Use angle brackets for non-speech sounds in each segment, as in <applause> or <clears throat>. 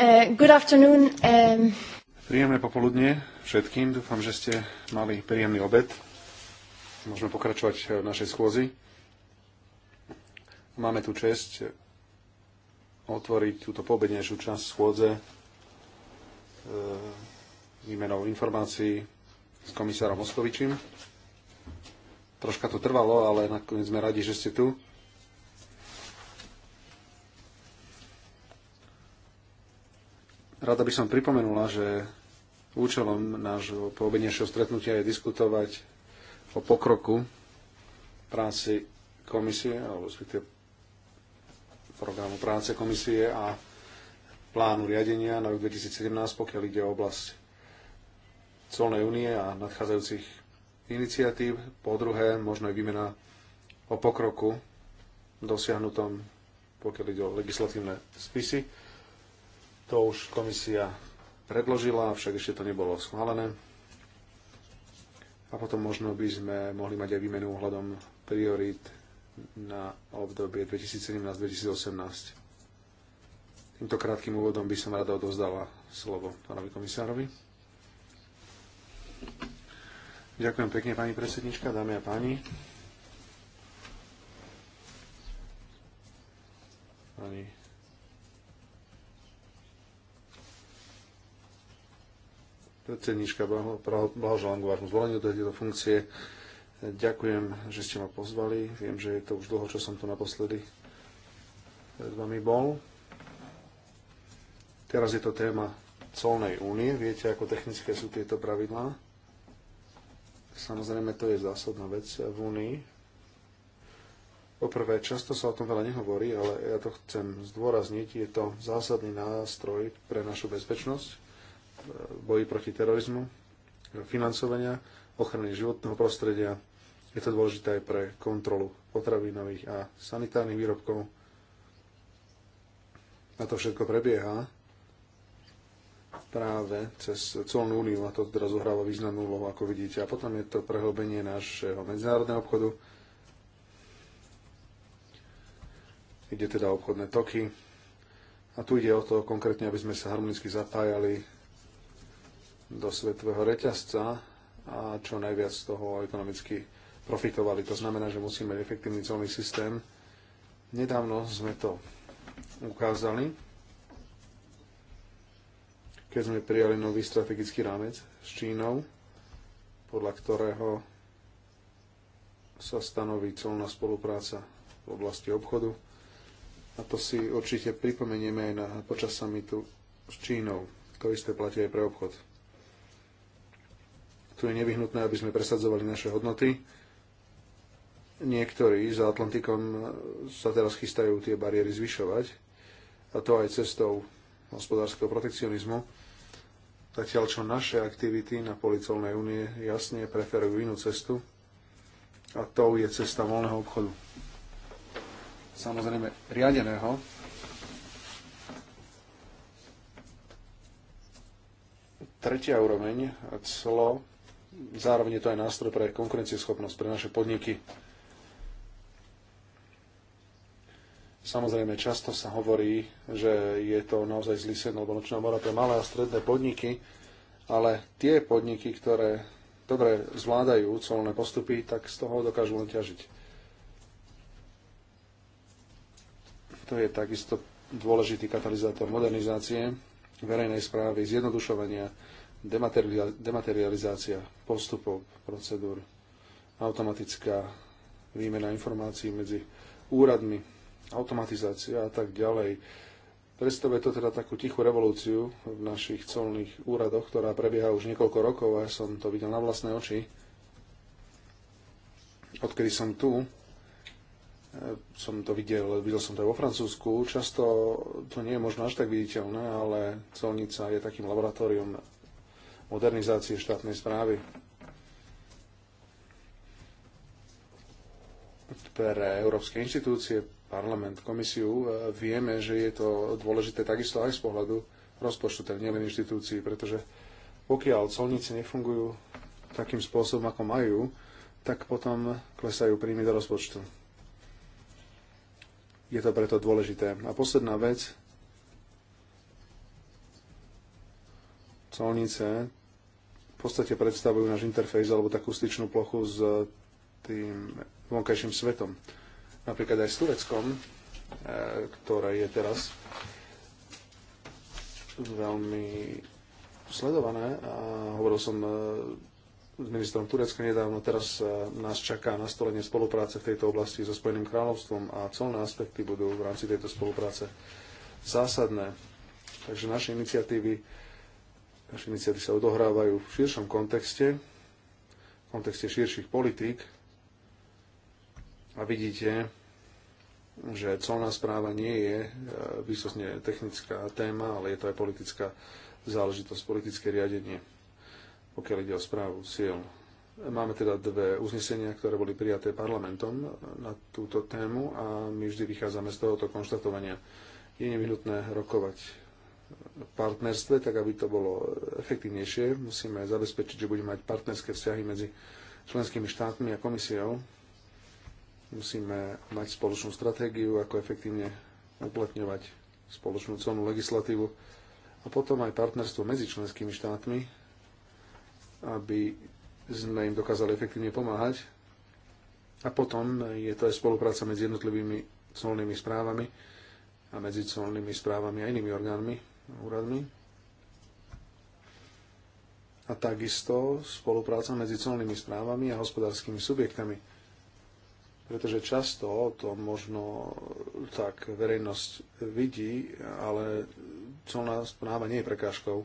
Eh, good afternoon. Um... Príjemné popoludne všetkým. Dúfam, že ste mali príjemný obed. Môžeme pokračovať v našej schôzi. Máme tu čest otvoriť túto poobednejšiu časť schôdze eh, výmenou informácií s komisárom Moskovičím. Troška to trvalo, ale nakoniec sme radi, že ste tu. Rada by som pripomenula, že účelom nášho poobednejšieho stretnutia je diskutovať o pokroku práci komisie, alebo respektíve programu práce komisie a plánu riadenia na rok 2017, pokiaľ ide o oblasť colnej únie a nadchádzajúcich iniciatív. Po druhé, možno aj výmena o pokroku dosiahnutom, pokiaľ ide o legislatívne spisy to už komisia predložila, však ešte to nebolo schválené. A potom možno by sme mohli mať aj výmenu ohľadom priorít na obdobie 2017-2018. Týmto krátkým úvodom by som rada odovzdala slovo pánovi komisárovi. Ďakujem pekne, pani predsednička, dámy a páni. Pani predsedníčka, blahoželám k vášmu zvoleniu do tejto funkcie. Ďakujem, že ste ma pozvali. Viem, že je to už dlho, čo som tu naposledy pred vami bol. Teraz je to téma colnej únie. Viete, ako technické sú tieto pravidlá? Samozrejme, to je zásadná vec v únii. Poprvé, často sa o tom veľa nehovorí, ale ja to chcem zdôrazniť. Je to zásadný nástroj pre našu bezpečnosť boji proti terorizmu, financovania, ochrany životného prostredia. Je to dôležité aj pre kontrolu potravinových a sanitárnych výrobkov. A to všetko prebieha práve cez colnú úniu a to teraz zohráva významnú úlohu, ako vidíte. A potom je to prehlbenie nášho medzinárodného obchodu. Ide teda obchodné toky. A tu ide o to konkrétne, aby sme sa harmonicky zapájali do svetového reťazca a čo najviac z toho ekonomicky profitovali. To znamená, že musíme mať efektívny celný systém. Nedávno sme to ukázali, keď sme prijali nový strategický rámec s Čínou, podľa ktorého sa stanoví celná spolupráca v oblasti obchodu. A to si určite pripomenieme aj na, počas samitu s Čínou. To isté platí aj pre obchod. Tu je nevyhnutné, aby sme presadzovali naše hodnoty. Niektorí za Atlantikom sa teraz chystajú tie bariéry zvyšovať, a to aj cestou hospodárskeho protekcionizmu. Zatiaľ, čo naše aktivity na policolnej únie jasne preferujú inú cestu, a tou je cesta voľného obchodu. Samozrejme, riadeného, tretia úroveň, clo, Zároveň je to aj nástroj pre konkurencieschopnosť pre naše podniky. Samozrejme, často sa hovorí, že je to naozaj zlý sen alebo nočná mora pre malé a stredné podniky, ale tie podniky, ktoré dobre zvládajú colné postupy, tak z toho dokážu len ťažiť. To je takisto dôležitý katalizátor modernizácie verejnej správy, zjednodušovania dematerializácia postupov, procedúr, automatická výmena informácií medzi úradmi, automatizácia a tak ďalej. Predstavuje to teda takú tichú revolúciu v našich colných úradoch, ktorá prebieha už niekoľko rokov a ja som to videl na vlastné oči. Odkedy som tu, e, som to videl, videl som to aj vo Francúzsku. Často to nie je možno až tak viditeľné, ale colnica je takým laboratóriom modernizácie štátnej správy pre európske inštitúcie, parlament, komisiu, e, vieme, že je to dôležité takisto aj z pohľadu rozpočtu, teda nielen inštitúcií, pretože pokiaľ colníci nefungujú takým spôsobom, ako majú, tak potom klesajú príjmy do rozpočtu. Je to preto dôležité. A posledná vec, colnice, podstate predstavujú náš interfejs alebo takú styčnú plochu s eh, tým vonkajším svetom. Napríklad aj s Tureckom, eh, ktoré je teraz veľmi sledované a hovoril som eh, s ministrom Turecka nedávno. Teraz nás čaká nastolenie spolupráce v tejto oblasti so Spojeným kráľovstvom a colné aspekty budú v rámci tejto spolupráce zásadné. Takže naše iniciatívy naše iniciatívy sa odohrávajú v širšom kontexte, v kontexte širších politík a vidíte, že colná správa nie je e, výsostne technická téma, ale je to aj politická záležitosť, politické riadenie, pokiaľ ide o správu cieľ. Máme teda dve uznesenia, ktoré boli prijaté parlamentom na túto tému a my vždy vychádzame z tohoto konštatovania. Je nevyhnutné rokovať partnerstve, tak aby to bolo efektívnejšie. Musíme zabezpečiť, že budeme mať partnerské vzťahy medzi členskými štátmi a komisiou. Musíme mať spoločnú stratégiu, ako efektívne uplatňovať spoločnú celnú legislatívu a potom aj partnerstvo medzi členskými štátmi, aby sme im dokázali efektívne pomáhať. A potom je to aj spolupráca medzi jednotlivými colnými správami a medzi colnými správami a inými orgánmi úradmi. A takisto spolupráca medzi celnými správami a hospodárskymi subjektami. Pretože často to možno tak verejnosť vidí, ale celná správa nie je prekážkou.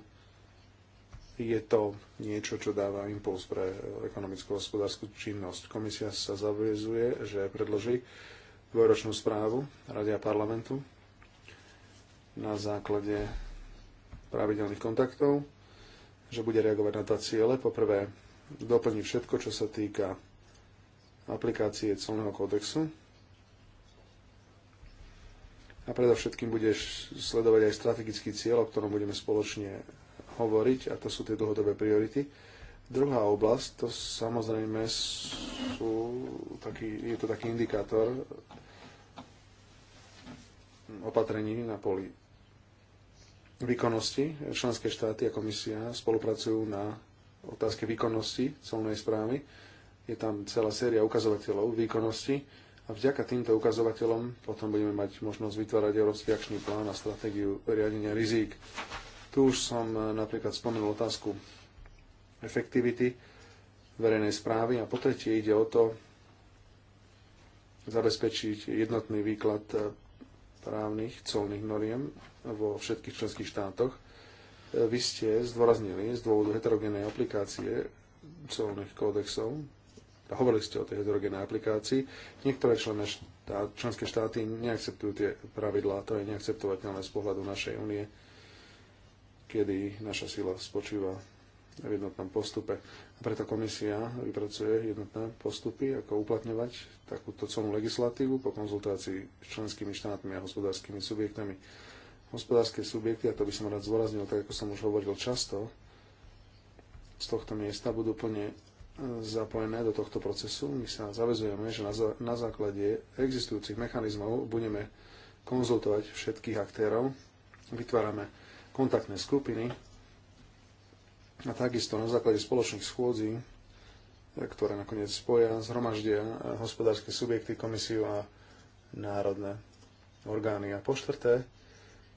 Je to niečo, čo dáva impuls pre ekonomickú hospodárskú činnosť. Komisia sa zaviezuje, že predloží dvojročnú správu Radia parlamentu na základe pravidelných kontaktov, že bude reagovať na dva ciele. Poprvé, doplní všetko, čo sa týka aplikácie celného kódexu. A predovšetkým budeš sledovať aj strategický cieľ, o ktorom budeme spoločne hovoriť, a to sú tie dlhodobé priority. Druhá oblasť, to samozrejme sú taký, je to taký indikátor opatrení na poli výkonnosti. Členské štáty a komisia spolupracujú na otázke výkonnosti celnej správy. Je tam celá séria ukazovateľov výkonnosti a vďaka týmto ukazovateľom potom budeme mať možnosť vytvárať Európsky akčný plán a stratégiu riadenia rizík. Tu už som eh, napríklad spomenul otázku efektivity verejnej správy a po tretie ide o to zabezpečiť jednotný výklad eh, právnych colných noriem vo všetkých členských štátoch. E, vy ste zdôraznili z dôvodu heterogénnej aplikácie colných kódexov, hovorili ste o tej heterogénnej aplikácii, niektoré člené štát, členské štáty neakceptujú tie pravidlá, to je neakceptovateľné z pohľadu našej únie, kedy naša sila spočíva v jednotnom postupe. A preto komisia vypracuje jednotné postupy, ako uplatňovať takúto celú legislatívu po konzultácii s členskými štátmi a hospodárskymi subjektami. Hospodárske subjekty, a to by som rád zvoraznil, tak ako som už hovoril často, z tohto miesta budú plne e, zapojené do tohto procesu. My sa zavezujeme, že na základe existujúcich mechanizmov budeme konzultovať všetkých aktérov. Vytvárame kontaktné skupiny, a takisto na základe spoločných schôdzí, ktoré nakoniec spoja, zhromaždia eh, hospodárske subjekty, komisiu a národné orgány. A po štvrté,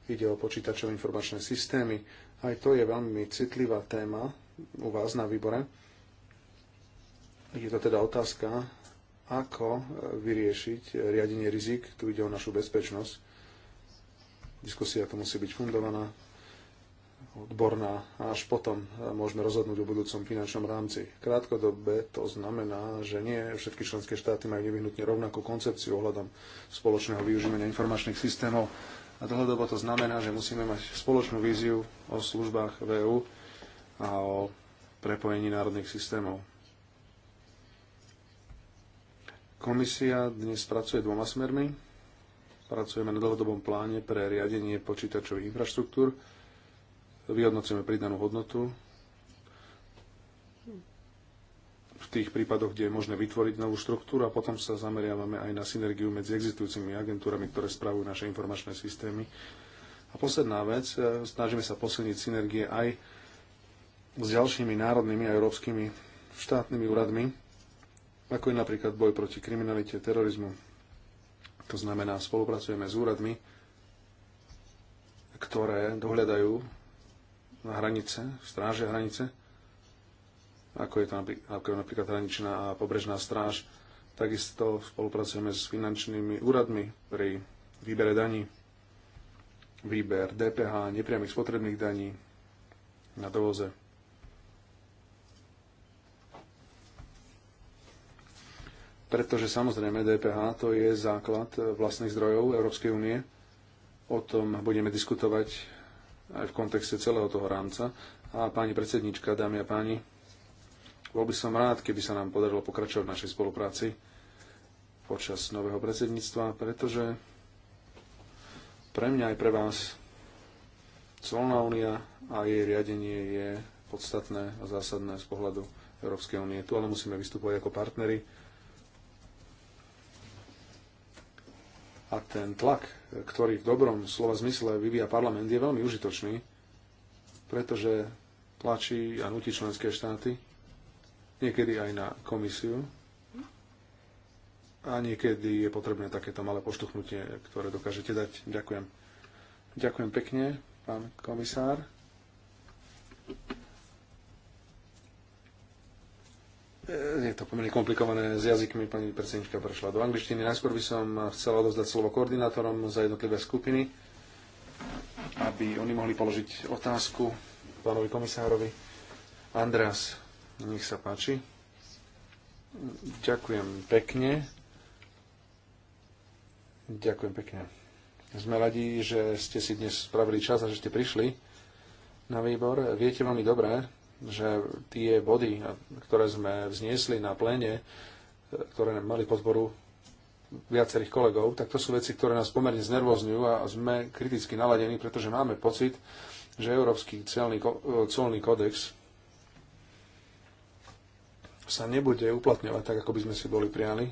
ide o počítačové informačné systémy. Aj to je veľmi citlivá téma u vás na výbore. Je to teda otázka, ako eh, vyriešiť riadenie rizik. Tu ide o našu bezpečnosť. Diskusia to musí byť fundovaná, odborná a až potom e, môžeme rozhodnúť o budúcom finančnom rámci. Krátkodobé to znamená, že nie všetky členské štáty majú nevyhnutne rovnakú koncepciu ohľadom spoločného využívania informačných systémov a dlhodobo to znamená, že musíme mať spoločnú víziu o službách VÚ e a o prepojení národných systémov. Komisia dnes pracuje dvoma smermi. Pracujeme na dlhodobom pláne pre riadenie počítačových infraštruktúr vyhodnocujeme pridanú hodnotu v tých prípadoch, kde je možné vytvoriť novú štruktúru a potom sa zameriavame aj na synergiu medzi existujúcimi agentúrami, ktoré spravujú naše informačné systémy. A posledná vec, e, snažíme sa posilniť synergie aj s ďalšími národnými a európskymi štátnymi úradmi, ako je napríklad boj proti kriminalite, terorizmu. To znamená, spolupracujeme s úradmi, ktoré dohľadajú na hranice, stráže hranice, ako je to je napríklad hraničná a pobrežná stráž. Takisto spolupracujeme s finančnými úradmi pri výbere daní, výber DPH, nepriamých spotrebných daní na dovoze. Pretože samozrejme DPH to je základ vlastných zdrojov Európskej únie. O tom budeme diskutovať aj v kontexte celého toho rámca. A pani predsednička, dámy a páni, bol by som rád, keby sa nám podarilo pokračovať v našej spolupráci počas nového predsedníctva, pretože pre mňa aj pre vás Colná únia a jej riadenie je podstatné a zásadné z pohľadu Európskej únie. Tu ale musíme vystupovať ako partnery a ten tlak, ktorý v dobrom slova zmysle vyvíja parlament, je veľmi užitočný, pretože tlačí a nutí členské štáty, niekedy aj na komisiu, a niekedy je potrebné takéto malé poštuchnutie, ktoré dokážete dať. Ďakujem. Ďakujem pekne, pán komisár. Eh, je to pomerne komplikované s jazykmi, pani predsednička prešla do angličtiny. Najskôr by som chcela odovzdať slovo koordinátorom za jednotlivé skupiny, aby oni mohli položiť otázku pánovi komisárovi. Andreas, nech sa páči. Ďakujem pekne. Ďakujem pekne. Sme radi, že ste si dnes spravili čas a že ste prišli na výbor. Viete veľmi dobré, že tie body, ktoré sme vzniesli na plene, e, ktoré mali podporu viacerých kolegov, tak to sú veci, ktoré nás pomerne znervozňujú a sme kriticky naladení, pretože máme pocit, že Európsky celný, e, celný kódex sa nebude uplatňovať tak, ako by sme si boli priali.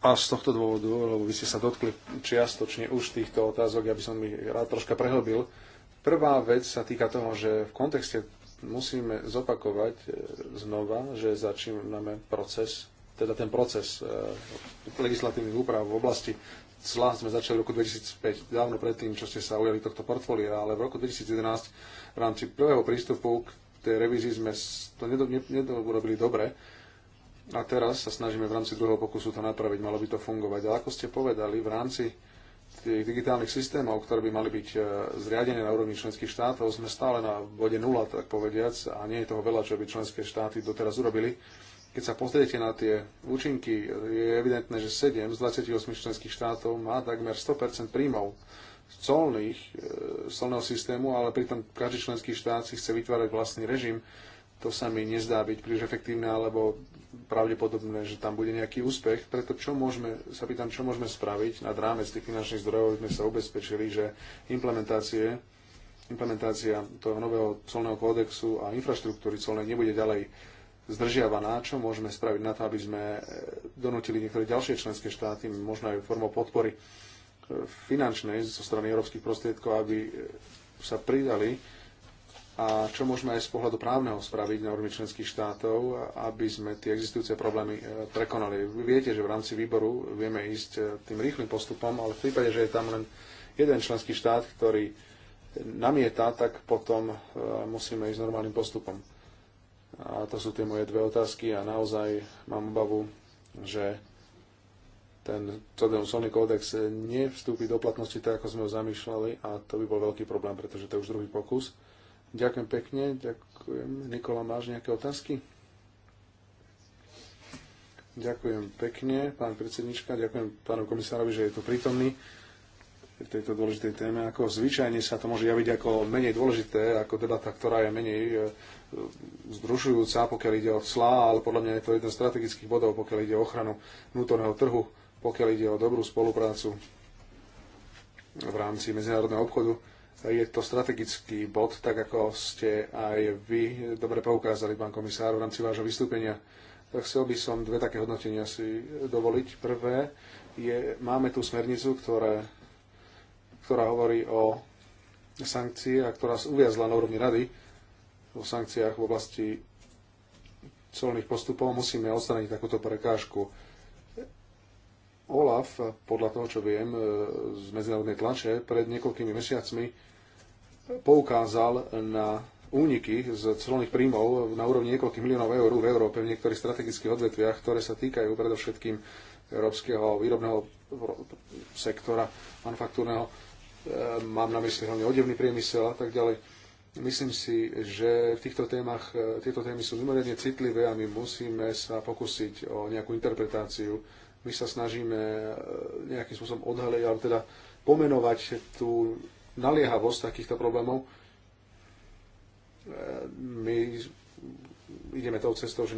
A z tohto dôvodu, lebo vy ste sa dotkli čiastočne už týchto otázok, ja by som ich rád troška prehlbil, Prvá vec sa týka toho, že v kontexte musíme zopakovať e, znova, že začíname proces, teda ten proces e, legislatívnych úprav v oblasti cla sme začali v roku 2005, dávno predtým, čo ste sa ujali tohto portfólia, ale v roku 2011 v rámci prvého prístupu k tej revízii sme to nedorobili dobre a teraz sa snažíme v rámci druhého pokusu to napraviť, malo by to fungovať. Ale ako ste povedali, v rámci tých digitálnych systémov, ktoré by mali byť e, zriadené na úrovni členských štátov, sme stále na bode nula, tak povediac, a nie je toho veľa, čo by členské štáty doteraz urobili. Keď sa pozriete na tie účinky, je evidentné, že 7 z 28 členských štátov má takmer 100% príjmov z colných, z e, colného systému, ale pritom každý členský štát si chce vytvárať vlastný režim. To sa mi nezdá byť príliš efektívne alebo pravdepodobné, že tam bude nejaký úspech. Preto čo môžeme, sa pýtam, čo môžeme spraviť nad rámec tých finančných zdrojov, sme sa ubezpečili, že implementácie, implementácia toho nového colného kódexu a infraštruktúry colnej nebude ďalej zdržiavaná, čo môžeme spraviť na to, aby sme e, donútili niektoré ďalšie členské štáty, možno aj formou podpory e, finančnej zo strany európskych prostriedkov, aby e, sa pridali a čo môžeme aj z pohľadu právneho spraviť na úrovni členských štátov, aby sme tie existujúce problémy e, prekonali. Vy viete, že v rámci výboru vieme ísť e, tým rýchlym postupom, ale v prípade, že je tam len jeden členský štát, ktorý namieta, tak potom e, musíme ísť normálnym postupom. A to sú tie moje dve otázky a naozaj mám obavu, že ten solný kódex nevstúpi do platnosti tak, ako sme ho zamýšľali a to by bol veľký problém, pretože to je už druhý pokus. Ďakujem pekne, ďakujem. Nikola, máš nejaké otázky? Ďakujem pekne, pán predsednička, ďakujem pánu komisárovi, že je tu prítomný v tejto dôležitej téme. Ako zvyčajne sa to môže javiť ako menej dôležité, ako debata, ktorá je menej e, zdrušujúca, pokiaľ ide o clá, ale podľa mňa je to jeden z strategických bodov, pokiaľ ide o ochranu vnútorného trhu, pokiaľ ide o dobrú spoluprácu v rámci medzinárodného obchodu je to strategický bod, tak ako ste aj vy dobre poukázali, pán komisár, v rámci vášho vystúpenia. Chcel by som dve také hodnotenia si dovoliť. Prvé je, máme tú smernicu, ktoré, ktorá hovorí o sankcii a ktorá uviazla na úrovni rady o sankciách v oblasti colných postupov. Musíme odstrániť takúto prekážku Olaf, podľa toho, čo viem e, z medzinárodnej tlače, pred niekoľkými mesiacmi poukázal na úniky z celných príjmov na úrovni niekoľkých miliónov eur v Európe v niektorých strategických odvetviach, ktoré sa týkajú predovšetkým európskeho výrobného sektora, manufaktúrneho. E, mám na mysli hlavne odevný priemysel a tak ďalej. Myslím si, že v týchto témach, e, tieto témy sú mimoriadne citlivé a my musíme sa pokúsiť o nejakú interpretáciu my sa snažíme e, nejakým spôsobom odhaliť, alebo teda pomenovať tú naliehavosť takýchto problémov. E, my ideme tou cestou, že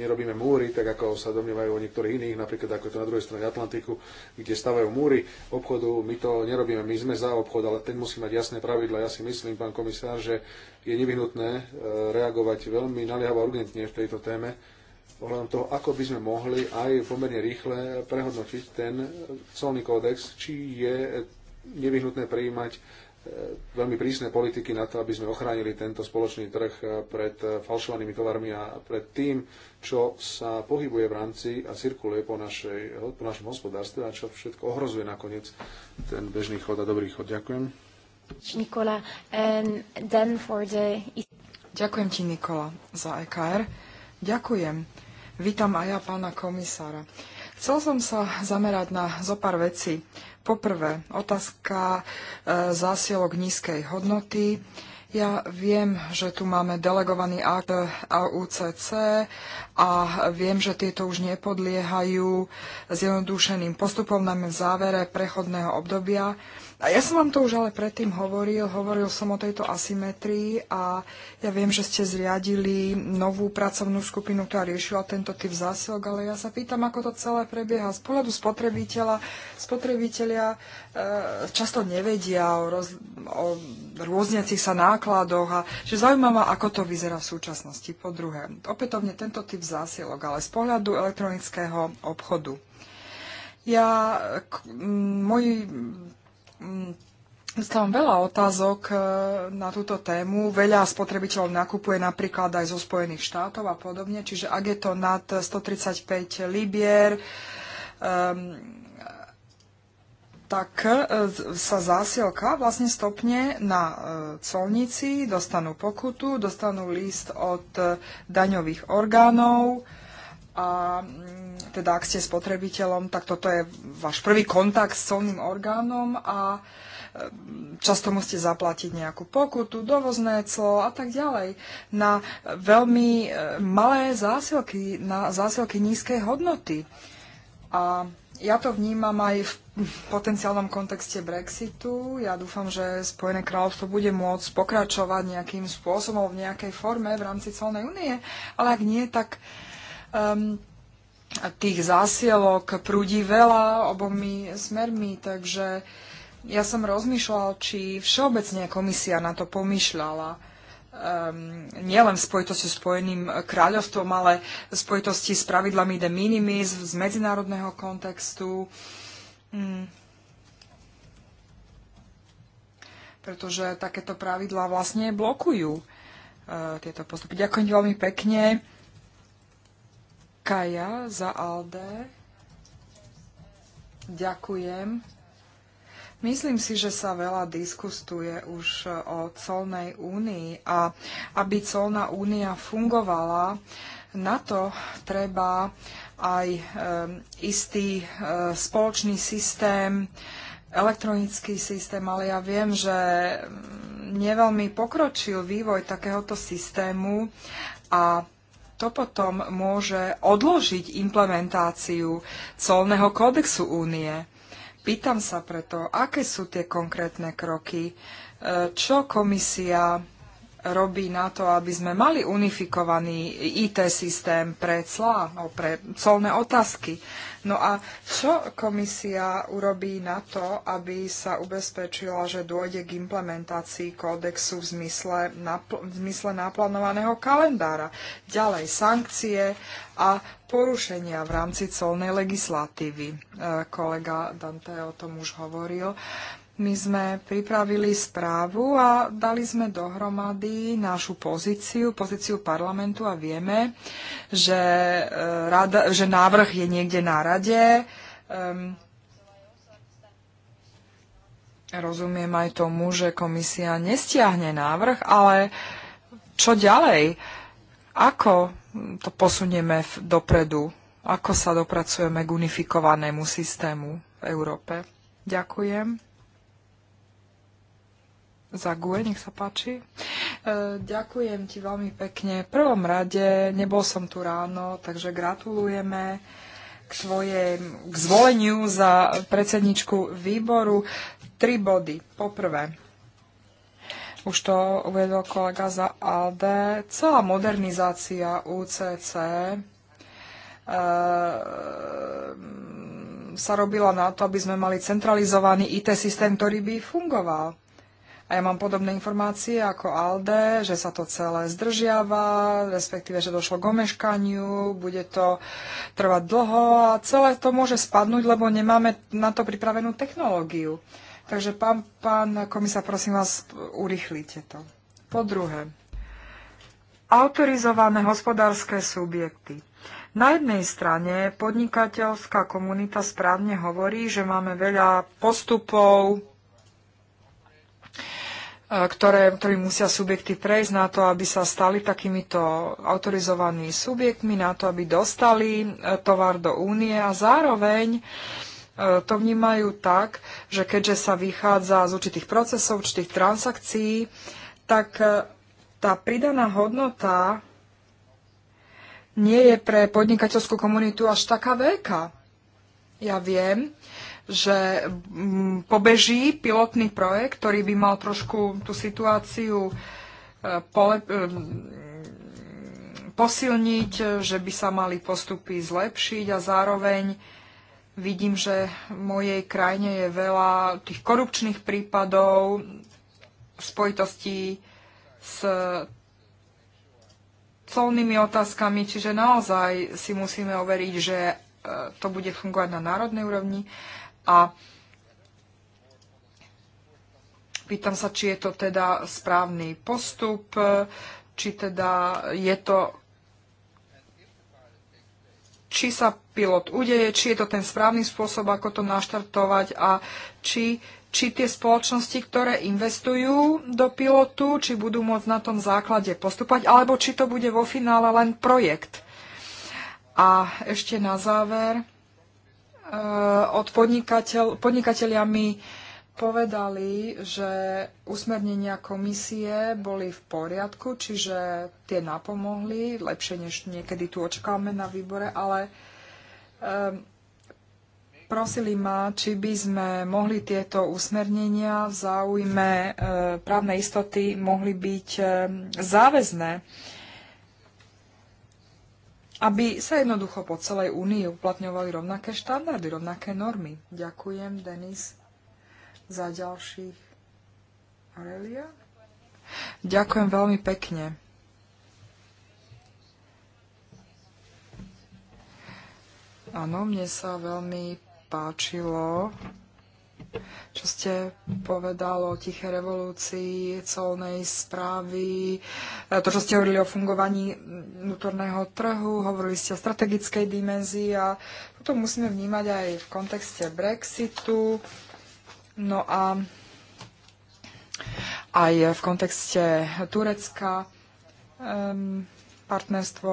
nerobíme múry, tak ako sa domnievajú o niektorých iných, napríklad ako je to na druhej strane Atlantiku, kde stavajú múry obchodu. My to nerobíme, my sme za obchod, ale ten musí mať jasné pravidla. Ja si myslím, pán komisár, že je nevyhnutné e, reagovať veľmi naliehavo urgentne v tejto téme ohľadom toho, ako by sme mohli aj pomerne rýchle prehodnotiť ten colný kódex, či je nevyhnutné prijímať e, veľmi prísne politiky na to, aby sme ochránili tento spoločný trh e, pred falšovanými tovarmi a pred tým, čo sa pohybuje v rámci a cirkuluje po, našej, po našom hospodárstve a čo všetko ohrozuje nakoniec ten bežný chod a dobrý chod. Ďakujem. Nikola, and then for the... Ďakujem ti, Nikola, za EKR. Ďakujem. Vítam aj ja pána komisára. Chcel som sa zamerať na zo pár vecí. Poprvé, otázka e, zásielok nízkej hodnoty. Ja viem, že tu máme delegovaný akt A UCC a viem, že tieto už nepodliehajú zjednodušeným postupom, najmä v závere prechodného obdobia. A ja som vám to už ale predtým hovoril, hovoril som o tejto asymetrii a ja viem, že ste zriadili novú pracovnú skupinu, ktorá riešila tento typ zásilok, ale ja sa pýtam, ako to celé prebieha. Z pohľadu spotrebiteľa, spotrebitelia e, často nevedia o, roz, o rôzniacich sa nákladoch a že zaujímavá, ako to vyzerá v súčasnosti. Po druhé, opätovne tento typ zásilok, ale z pohľadu elektronického obchodu. Ja, k, moji Mm, Dostávam veľa otázok e, na túto tému. Veľa spotrebiteľov nakupuje napríklad aj zo Spojených štátov a podobne, čiže ak je to nad 135 libier, um, tak e, sa zásielka vlastne stopne na e, colnici, dostanú pokutu, dostanú list od daňových orgánov a mm, teda ak ste spotrebiteľom, tak toto je váš prvý kontakt s solným orgánom a e, často musíte zaplatiť nejakú pokutu, dovozné clo a tak ďalej. Na veľmi e, malé zásilky, na zásilky nízkej hodnoty. A ja to vnímam aj v potenciálnom kontexte Brexitu. Ja dúfam, že Spojené kráľovstvo bude môcť pokračovať nejakým spôsobom v nejakej forme v rámci celnej únie, ale ak nie, tak um, tých zásielok prúdi veľa obomi smermi, takže ja som rozmýšľal, či všeobecne komisia na to pomýšľala. Um, nielen v spojitosti s Spojeným kráľovstvom, ale v spojitosti s pravidlami de minimis, z medzinárodného kontextu. Um, pretože takéto pravidlá vlastne blokujú uh, tieto postupy. Ďakujem veľmi pekne. Kaja za Alde. Ďakujem. Myslím si, že sa veľa diskustuje už o colnej únii a aby colná únia fungovala, na to treba aj e, istý e, spoločný systém, elektronický systém, ale ja viem, že neveľmi pokročil vývoj takéhoto systému a kto potom môže odložiť implementáciu colného kódexu únie. Pýtam sa preto, aké sú tie konkrétne kroky, e, čo komisia robí na to, aby sme mali unifikovaný IT systém pre clá, no, pre colné otázky. No a čo komisia urobí na to, aby sa ubezpečila, že dôjde k implementácii kódexu v zmysle, napl- v zmysle naplánovaného kalendára? Ďalej sankcie a porušenia v rámci colnej legislatívy. E, kolega Dante o tom už hovoril. E, my sme pripravili správu a dali sme dohromady našu pozíciu, pozíciu parlamentu a vieme, že, eh, rada, že návrh je niekde na rade. Um, rozumiem aj tomu, že komisia nestiahne návrh, ale čo ďalej? Ako to posunieme dopredu? Ako sa dopracujeme k unifikovanému systému v Európe? Ďakujem za GUE, nech sa páči. E, ďakujem ti veľmi pekne. V prvom rade, nebol som tu ráno, takže gratulujeme k, svojej, k zvoleniu za predsedničku výboru. Tri body. Poprvé, už to uvedol kolega za ALDE, celá modernizácia UCC e, sa robila na to, aby sme mali centralizovaný IT systém, ktorý by fungoval a ja mám podobné informácie ako ALDE, že sa to celé zdržiava, respektíve, že došlo k omeškaniu, bude to trvať dlho a celé to môže spadnúť, lebo nemáme na to pripravenú technológiu. Takže pán, pán komisár, prosím vás, urychlite to. Po druhé, autorizované hospodárske subjekty. Na jednej strane podnikateľská komunita správne hovorí, že máme veľa postupov, E, ktoré, ktorý musia subjekty prejsť na to, aby sa stali takýmito autorizovanými subjektmi, na to, aby dostali e, tovar do únie a zároveň e, to vnímajú tak, že keďže sa vychádza z určitých procesov, určitých transakcií, tak tá pridaná hodnota nie je pre podnikateľskú komunitu až taká veľká. Ja viem, že mm, pobeží pilotný projekt, ktorý by mal trošku tú situáciu e, e, posilniť, že by sa mali postupy zlepšiť a zároveň vidím, že v mojej krajine je veľa tých korupčných prípadov v spojitosti s colnými otázkami, čiže naozaj si musíme overiť, že e, to bude fungovať na národnej úrovni a pýtam sa, či je to teda správny postup, či teda je to či sa pilot udeje, či je to ten správny spôsob, ako to naštartovať a či, či tie spoločnosti, ktoré investujú do pilotu, či budú môcť na tom základe postupať, alebo či to bude vo finále len projekt. A ešte na záver, Eh, od podnikateľ, podnikateľiami povedali, že usmernenia komisie boli v poriadku, čiže tie napomohli, lepšie než niekedy tu očakáme na výbore, ale um, prosili ma, či by sme mohli tieto usmernenia v záujme um, právnej istoty mohli byť um, záväzné aby sa jednoducho po celej únii uplatňovali rovnaké štandardy, rovnaké normy. Ďakujem, Denis, za ďalších. Aurelia? Ďakujem veľmi pekne. Áno, mne sa veľmi páčilo čo ste povedal o tichej revolúcii, colnej správy, e, to, čo ste hovorili o fungovaní vnútorného trhu, hovorili ste o strategickej dimenzii a toto musíme vnímať aj v kontexte Brexitu. No a aj v kontexte Turecka. Um, partnerstvo,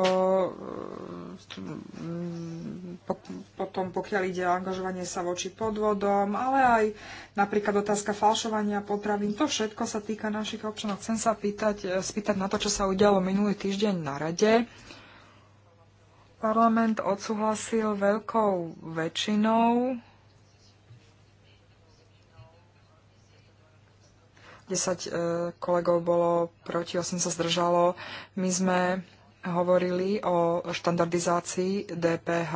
e, potom pokiaľ ide o angažovanie sa voči podvodom, ale aj napríklad otázka falšovania potravín, to všetko sa týka našich občanov. Chcem sa pýtať, e, spýtať na to, čo sa udialo minulý týždeň na rade. Parlament odsúhlasil veľkou väčšinou 10 e, kolegov bolo proti, 8 sa zdržalo. My sme hovorili o štandardizácii DPH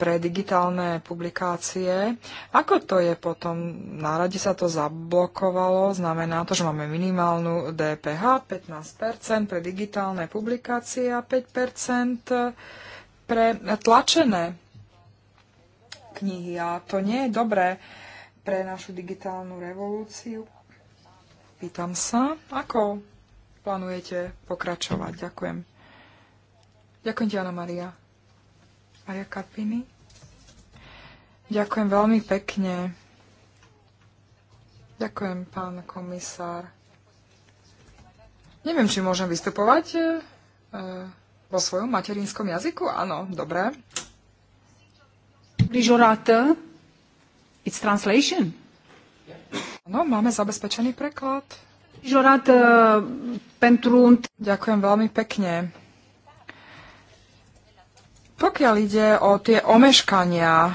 pre digitálne publikácie. Ako to je potom? Na rade sa to zablokovalo, znamená to, že máme minimálnu DPH 15% pre digitálne publikácie a 5% pre tlačené knihy. A to nie je dobré pre našu digitálnu revolúciu. Pýtam sa, ako plánujete pokračovať? Ďakujem. Ďakujem ti, Anna Maria. Maria Karpiny. Ďakujem veľmi pekne. Ďakujem, pán komisár. Neviem, či môžem vystupovať e, vo svojom materinskom jazyku. Áno, dobré. Prižoráte? It's translation. Áno, máme zabezpečený preklad. Prižoráte eh, pentru... Ďakujem veľmi pekne. Pokiaľ ide o tie omeškania e,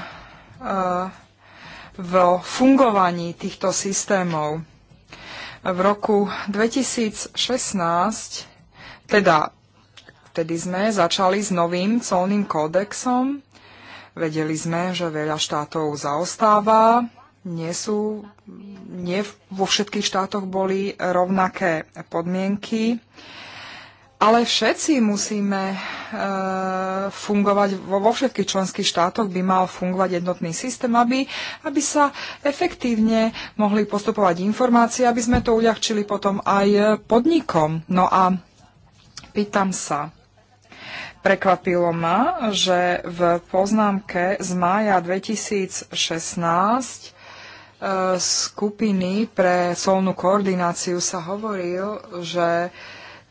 v fungovaní týchto systémov, v roku 2016, teda vtedy sme začali s novým colným kódexom, vedeli sme, že veľa štátov zaostáva, nie sú, nie vo všetkých štátoch boli rovnaké podmienky. Uh, ale všetci musíme e, fungovať, vo, vo všetkých členských štátoch by mal fungovať jednotný systém, aby, aby sa efektívne mohli postupovať informácie, aby sme to uľahčili potom aj podnikom. No a pýtam sa, Prekvapilo ma, že v poznámke z mája 2016 e, skupiny pre solnú koordináciu sa hovoril, že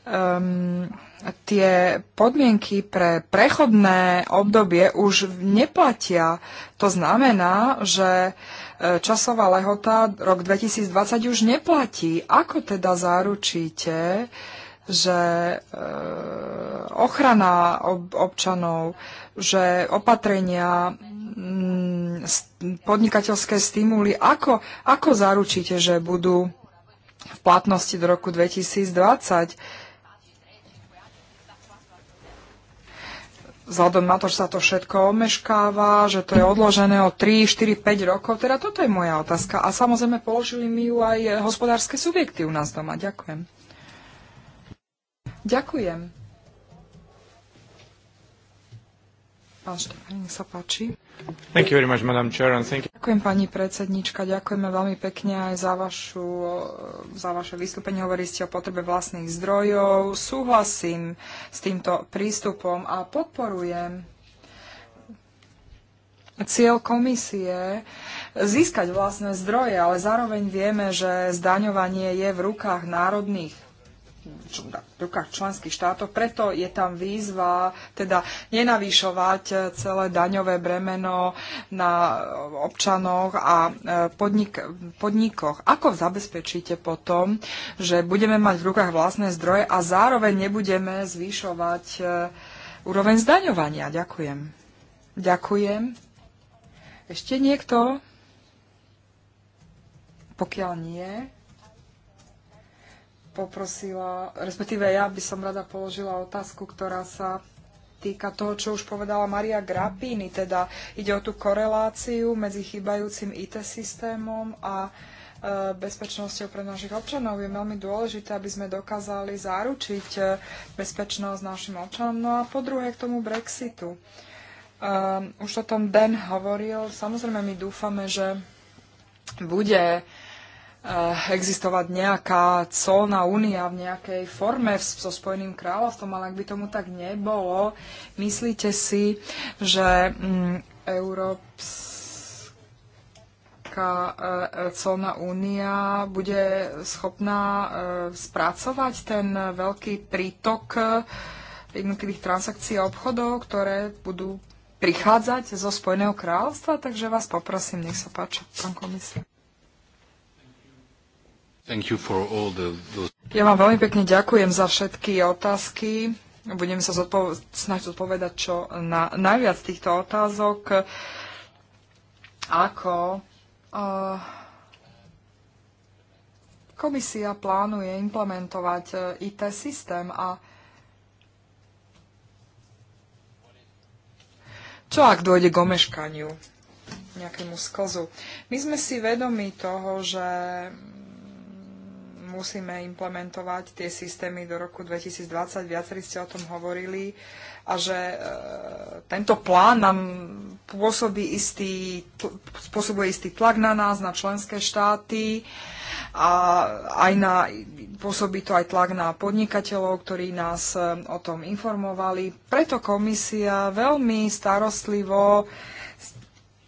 um, tie podmienky pre prechodné obdobie už neplatia. To znamená, že e, časová lehota rok 2020 už neplatí. Ako teda zaručíte, že e, ochrana ob- občanov, že opatrenia, mm, podnikateľské stimuly, ako, ako zaručíte, že budú v platnosti do roku 2020? vzhľadom na to, že sa to všetko omeškáva, že to je odložené o 3, 4, 5 rokov. Teda toto je moja otázka. A samozrejme položili mi ju aj hospodárske subjekty u nás doma. Ďakujem. Ďakujem. Pán Štefanín, nech sa páči. Thank you very much, Madam Chair, and thank you. Ďakujem pani predsednička, ďakujeme veľmi pekne aj za, vašu, eh, za vaše vystúpenie. Hovorili ste o potrebe vlastných zdrojov. Súhlasím s týmto prístupom a podporujem cieľ komisie získať vlastné zdroje, ale zároveň vieme, že zdaňovanie je v rukách národných rukách členských štátov. Preto je tam výzva teda nenavýšovať e, celé daňové bremeno na e, občanoch a e, podnik, podnikoch. Ako zabezpečíte potom, že budeme mať v rukách vlastné zdroje a zároveň nebudeme zvyšovať úroveň zdaňovania? Ďakujem. Ďakujem. Ešte niekto? Pokiaľ nie, poprosila, respektíve ja by som rada položila otázku, ktorá sa týka toho, čo už povedala Maria Grappini, teda ide o tú koreláciu medzi chýbajúcim IT systémom a e, bezpečnosťou pre našich občanov. Je veľmi dôležité, aby sme dokázali zaručiť e, bezpečnosť našim občanom. No a po druhé k tomu Brexitu. Um, už o tom Dan hovoril. Samozrejme, my dúfame, že bude Eh, existovať nejaká colná únia v nejakej forme so Spojeným kráľovstvom, ale ak by tomu tak nebolo, myslíte si, že mm, Európska e, colná únia bude schopná e, spracovať ten veľký prítok jednotlivých transakcií a obchodov, ktoré budú prichádzať zo Spojeného kráľovstva, takže vás poprosím, nech sa páči, pán komisár. Ja vám veľmi pekne ďakujem za všetky otázky. Budem sa zodpo- snažiť odpovedať čo na najviac týchto otázok. Ako uh, komisia plánuje implementovať eh, IT systém a čo ak dôjde k omeškaniu, nejakému sklzu. My sme si vedomi toho, že musíme implementovať tie systémy do roku 2020, viacerí ste o tom hovorili, a že e, tento plán nám pôsobí istý, spôsobuje istý tlak na nás, na členské štáty a aj na, pôsobí to aj tlak na podnikateľov, ktorí nás e, o tom informovali. Preto komisia veľmi starostlivo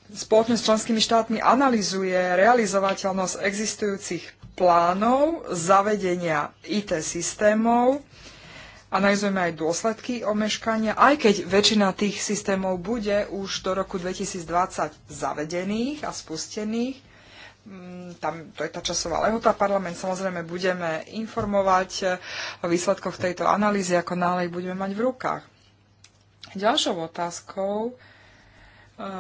spoločne s členskými štátmi analizuje realizovateľnosť existujúcich plánov zavedenia IT systémov, Analizujeme aj dôsledky omeškania, aj keď väčšina tých systémov bude už do roku 2020 zavedených a spustených. Mm, tam to je tá časová lehota. Parlament samozrejme budeme informovať eh, o výsledkoch tejto analýzy, ako nálej ich budeme mať v rukách. Ďalšou otázkou eh,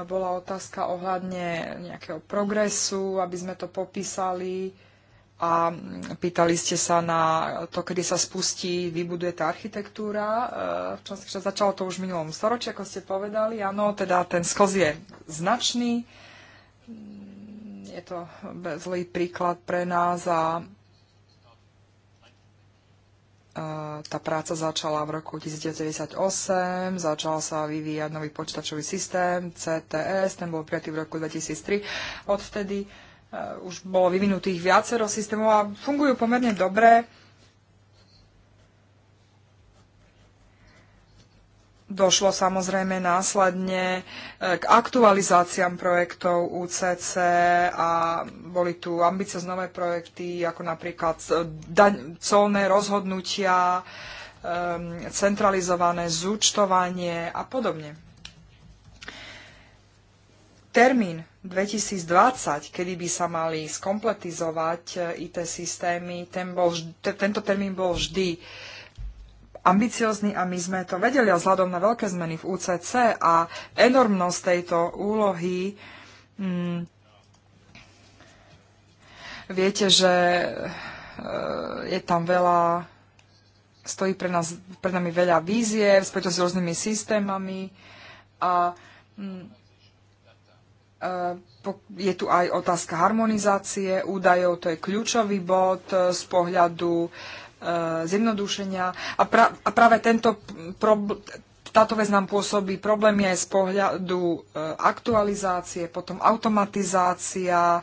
bola otázka ohľadne nejakého progresu, aby sme to popísali a pýtali ste sa na to, kedy sa spustí, vybuduje tá architektúra. Eh, v čom sa začalo to už v minulom storočí, ako ste povedali. Áno, teda ten skoz je značný. Je to zlý príklad pre nás a eh, tá práca začala v roku 1998, začal sa vyvíjať nový počítačový systém CTS, ten bol prijatý v roku 2003. Odvtedy Eh, už bolo vyvinutých viacero systémov a fungujú pomerne dobre. Došlo samozrejme následne eh, k aktualizáciám projektov UCC a boli tu ambiciozne nové projekty, ako napríklad eh, colné rozhodnutia, ehm, centralizované zúčtovanie a podobne. Termín 2020, kedy by sa mali skompletizovať e, IT systémy, ten bol, tento termín bol vždy ambiciozný a my sme to vedeli a vzhľadom na veľké zmeny v UCC a enormnosť tejto úlohy. Mm, viete, že e, je tam veľa, stojí pre, nás, pre nami veľa vízie v spojitosti s rôznymi systémami a mm, E, je tu aj otázka harmonizácie údajov, to je kľúčový bod e, z pohľadu e, zjednodušenia. A, pra, a práve tento problém, táto vec nám pôsobí problémy aj z pohľadu e, aktualizácie, potom automatizácia e,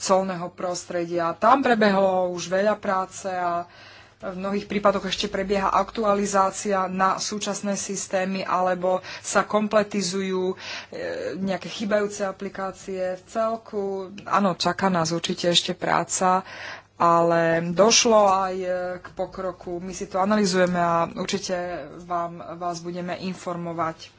colného prostredia. Tam prebehlo už veľa práce a e, v mnohých prípadoch ešte prebieha aktualizácia na súčasné systémy alebo sa kompletizujú e, nejaké chybajúce aplikácie v celku. Áno, čaká nás určite ešte práca, ale došlo aj e, k pokroku. My si to analizujeme a určite vám, vás budeme informovať.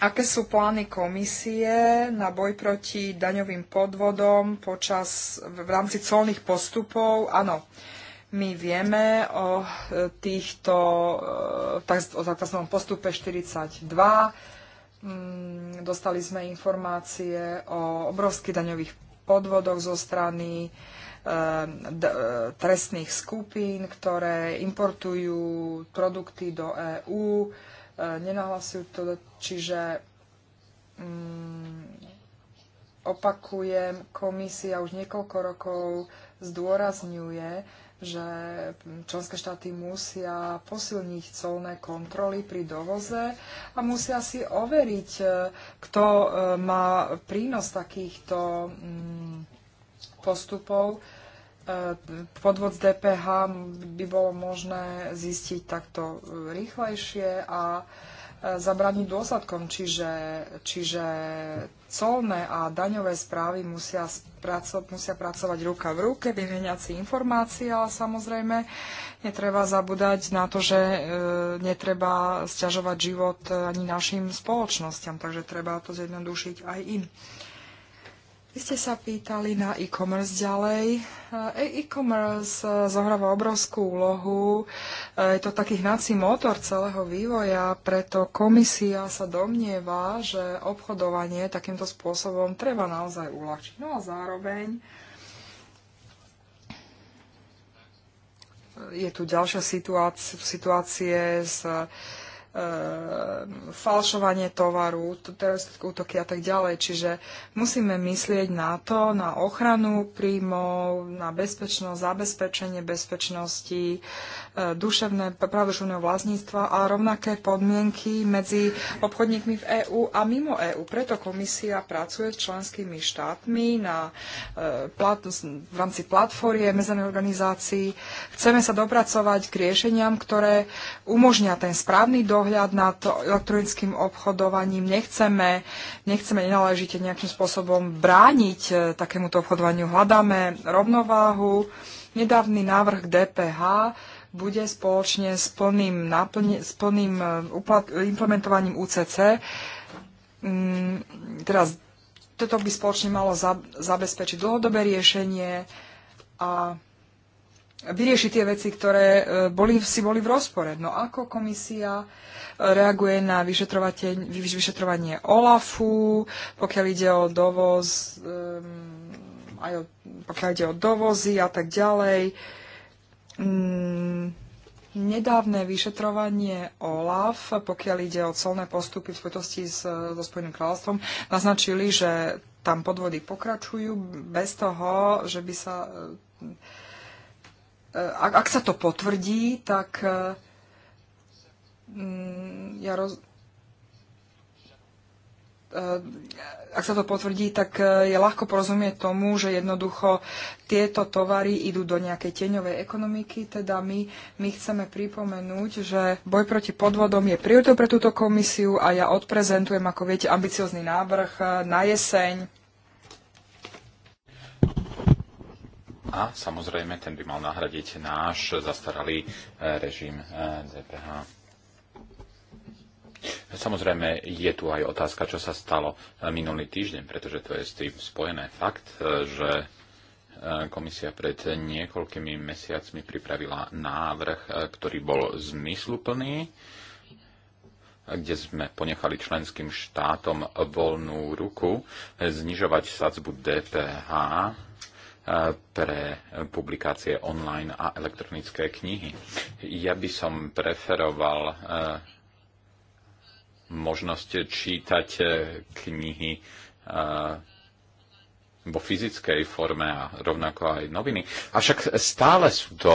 Aké sú plány komisie na boj proti daňovým podvodom počas, v rámci colných postupov? Áno, my vieme o e, týchto, e, o tzv. postupe 42. Mm, dostali sme informácie o obrovských daňových podvodoch zo strany e, trestných skupín, ktoré importujú produkty do EÚ E, nenahlasujú to, čiže mm, opakujem, komisia už niekoľko rokov zdôrazňuje, že členské štáty musia posilniť colné kontroly pri dovoze a musia si overiť, e, kto e, má prínos takýchto mm, postupov E, podvod z DPH by bolo možné zistiť takto rýchlejšie a e, zabraniť dôsledkom, čiže, čiže colné a daňové správy musia, spraco, musia pracovať ruka v ruke, vymieňať si informácie, ale samozrejme netreba zabúdať na to, že e, netreba sťažovať život ani našim spoločnosťam, takže treba to zjednodušiť aj im. E, vy ste sa pýtali na e-commerce ďalej. E, e-commerce e, zohráva obrovskú úlohu. E, je to taký hnací motor celého vývoja, preto komisia sa domnieva, že obchodovanie takýmto spôsobom treba naozaj uľahčiť. No a zároveň je tu ďalšia situácia, situácie s E, falšovanie tovaru, teroristické útoky a tak ďalej. Čiže musíme myslieť na to, na ochranu príjmov, na bezpečnosť, zabezpečenie bezpečnosti, e, duševné, právoduševného vlastníctva a rovnaké podmienky medzi obchodníkmi v EÚ a mimo EÚ. Preto komisia pracuje s členskými štátmi na, e, plat, v rámci platformie medzinárodných organizácií. Chceme sa dopracovať k riešeniam, ktoré umožnia ten správny dom dohľad nad elektronickým obchodovaním. Nechceme, nechceme nenáležite nejakým spôsobom brániť e, takémuto obchodovaniu. Hľadáme rovnováhu. Nedávny návrh DPH bude spoločne s plným, naplne, s plným e, implementovaním UCC mm, teraz toto by spoločne malo zabezpečiť dlhodobé riešenie a vyrieši tie veci, ktoré e, boli, si boli v rozpore. No ako komisia e, reaguje na vyšetrovanie OLAFu, pokiaľ ide o dovoz, um, aj o, pokiaľ ide o dovozy a tak ďalej. Um, nedávne vyšetrovanie OLAF, pokiaľ ide o celné postupy v spojitosti s, so Spojeným kráľovstvom, naznačili, že tam podvody pokračujú bez toho, že by sa um, Eh, ak, ak sa to potvrdí, tak eh, mm, ja roz... Eh, ak sa to potvrdí, tak je ľahko porozumieť tomu, že jednoducho tieto tovary idú do nejakej tieňovej ekonomiky. Teda my, my chceme pripomenúť, že boj proti podvodom je prioritou pre túto komisiu a ja odprezentujem, ako viete, ambiciózny návrh na jeseň a samozrejme ten by mal nahradiť náš zastaralý e, režim DPH. E, samozrejme, je tu aj otázka, čo sa stalo e, minulý týždeň, pretože to je s tým spojené fakt, že komisia pred niekoľkými mesiacmi pripravila návrh, ktorý bol zmysluplný, kde sme ponechali členským štátom voľnú ruku znižovať sadzbu DPH pre publikácie online a elektronické knihy. Ja by som preferoval e, možnosť čítať e, knihy e, vo fyzickej forme a rovnako aj noviny. Avšak stále sú to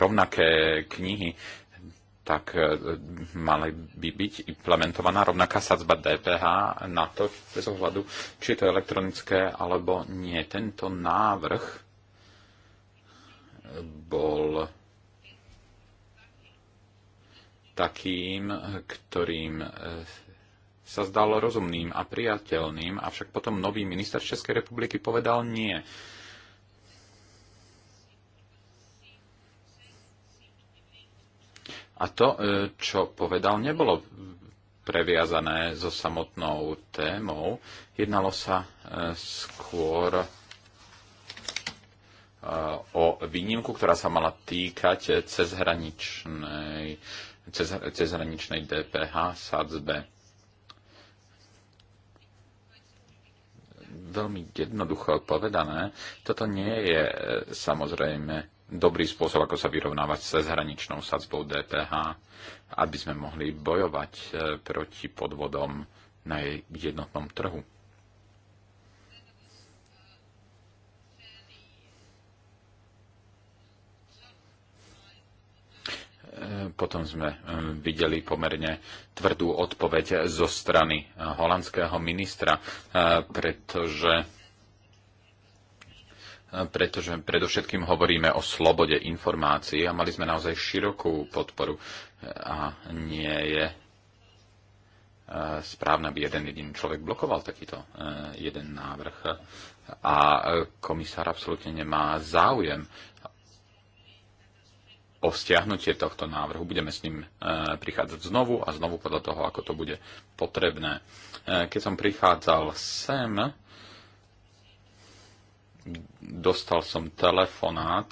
rovnaké knihy, tak e, mali by byť implementovaná rovnaká sadzba DPH na to, bez ohľadu, či je to elektronické alebo nie. Tento návrh bol takým, ktorým e, sa zdal rozumným a priateľným, avšak potom nový minister Českej republiky povedal nie A to, e, čo povedal, nebolo previazané so samotnou témou. Jednalo sa e, skôr e, o výnimku, ktorá sa mala týkať cezhraničnej, cez, cezhraničnej DPH sadzbe. Veľmi jednoducho povedané, toto nie je samozrejme dobrý spôsob, ako sa vyrovnávať s zahraničnou sadzbou DPH, aby sme mohli bojovať e, proti podvodom na jej jednotnom trhu. E, potom sme e, videli pomerne tvrdú odpoveď zo strany holandského ministra, pretože pretože predovšetkým hovoríme o slobode informácií a mali sme naozaj širokú podporu a nie je e, správne, aby jeden jediný človek blokoval takýto e, jeden návrh. A e, komisár absolútne nemá záujem o stiahnutie tohto návrhu. Budeme s ním prichádzať znovu a znovu podľa toho, ako to bude potrebné. Keď som prichádzal sem, dostal som telefonát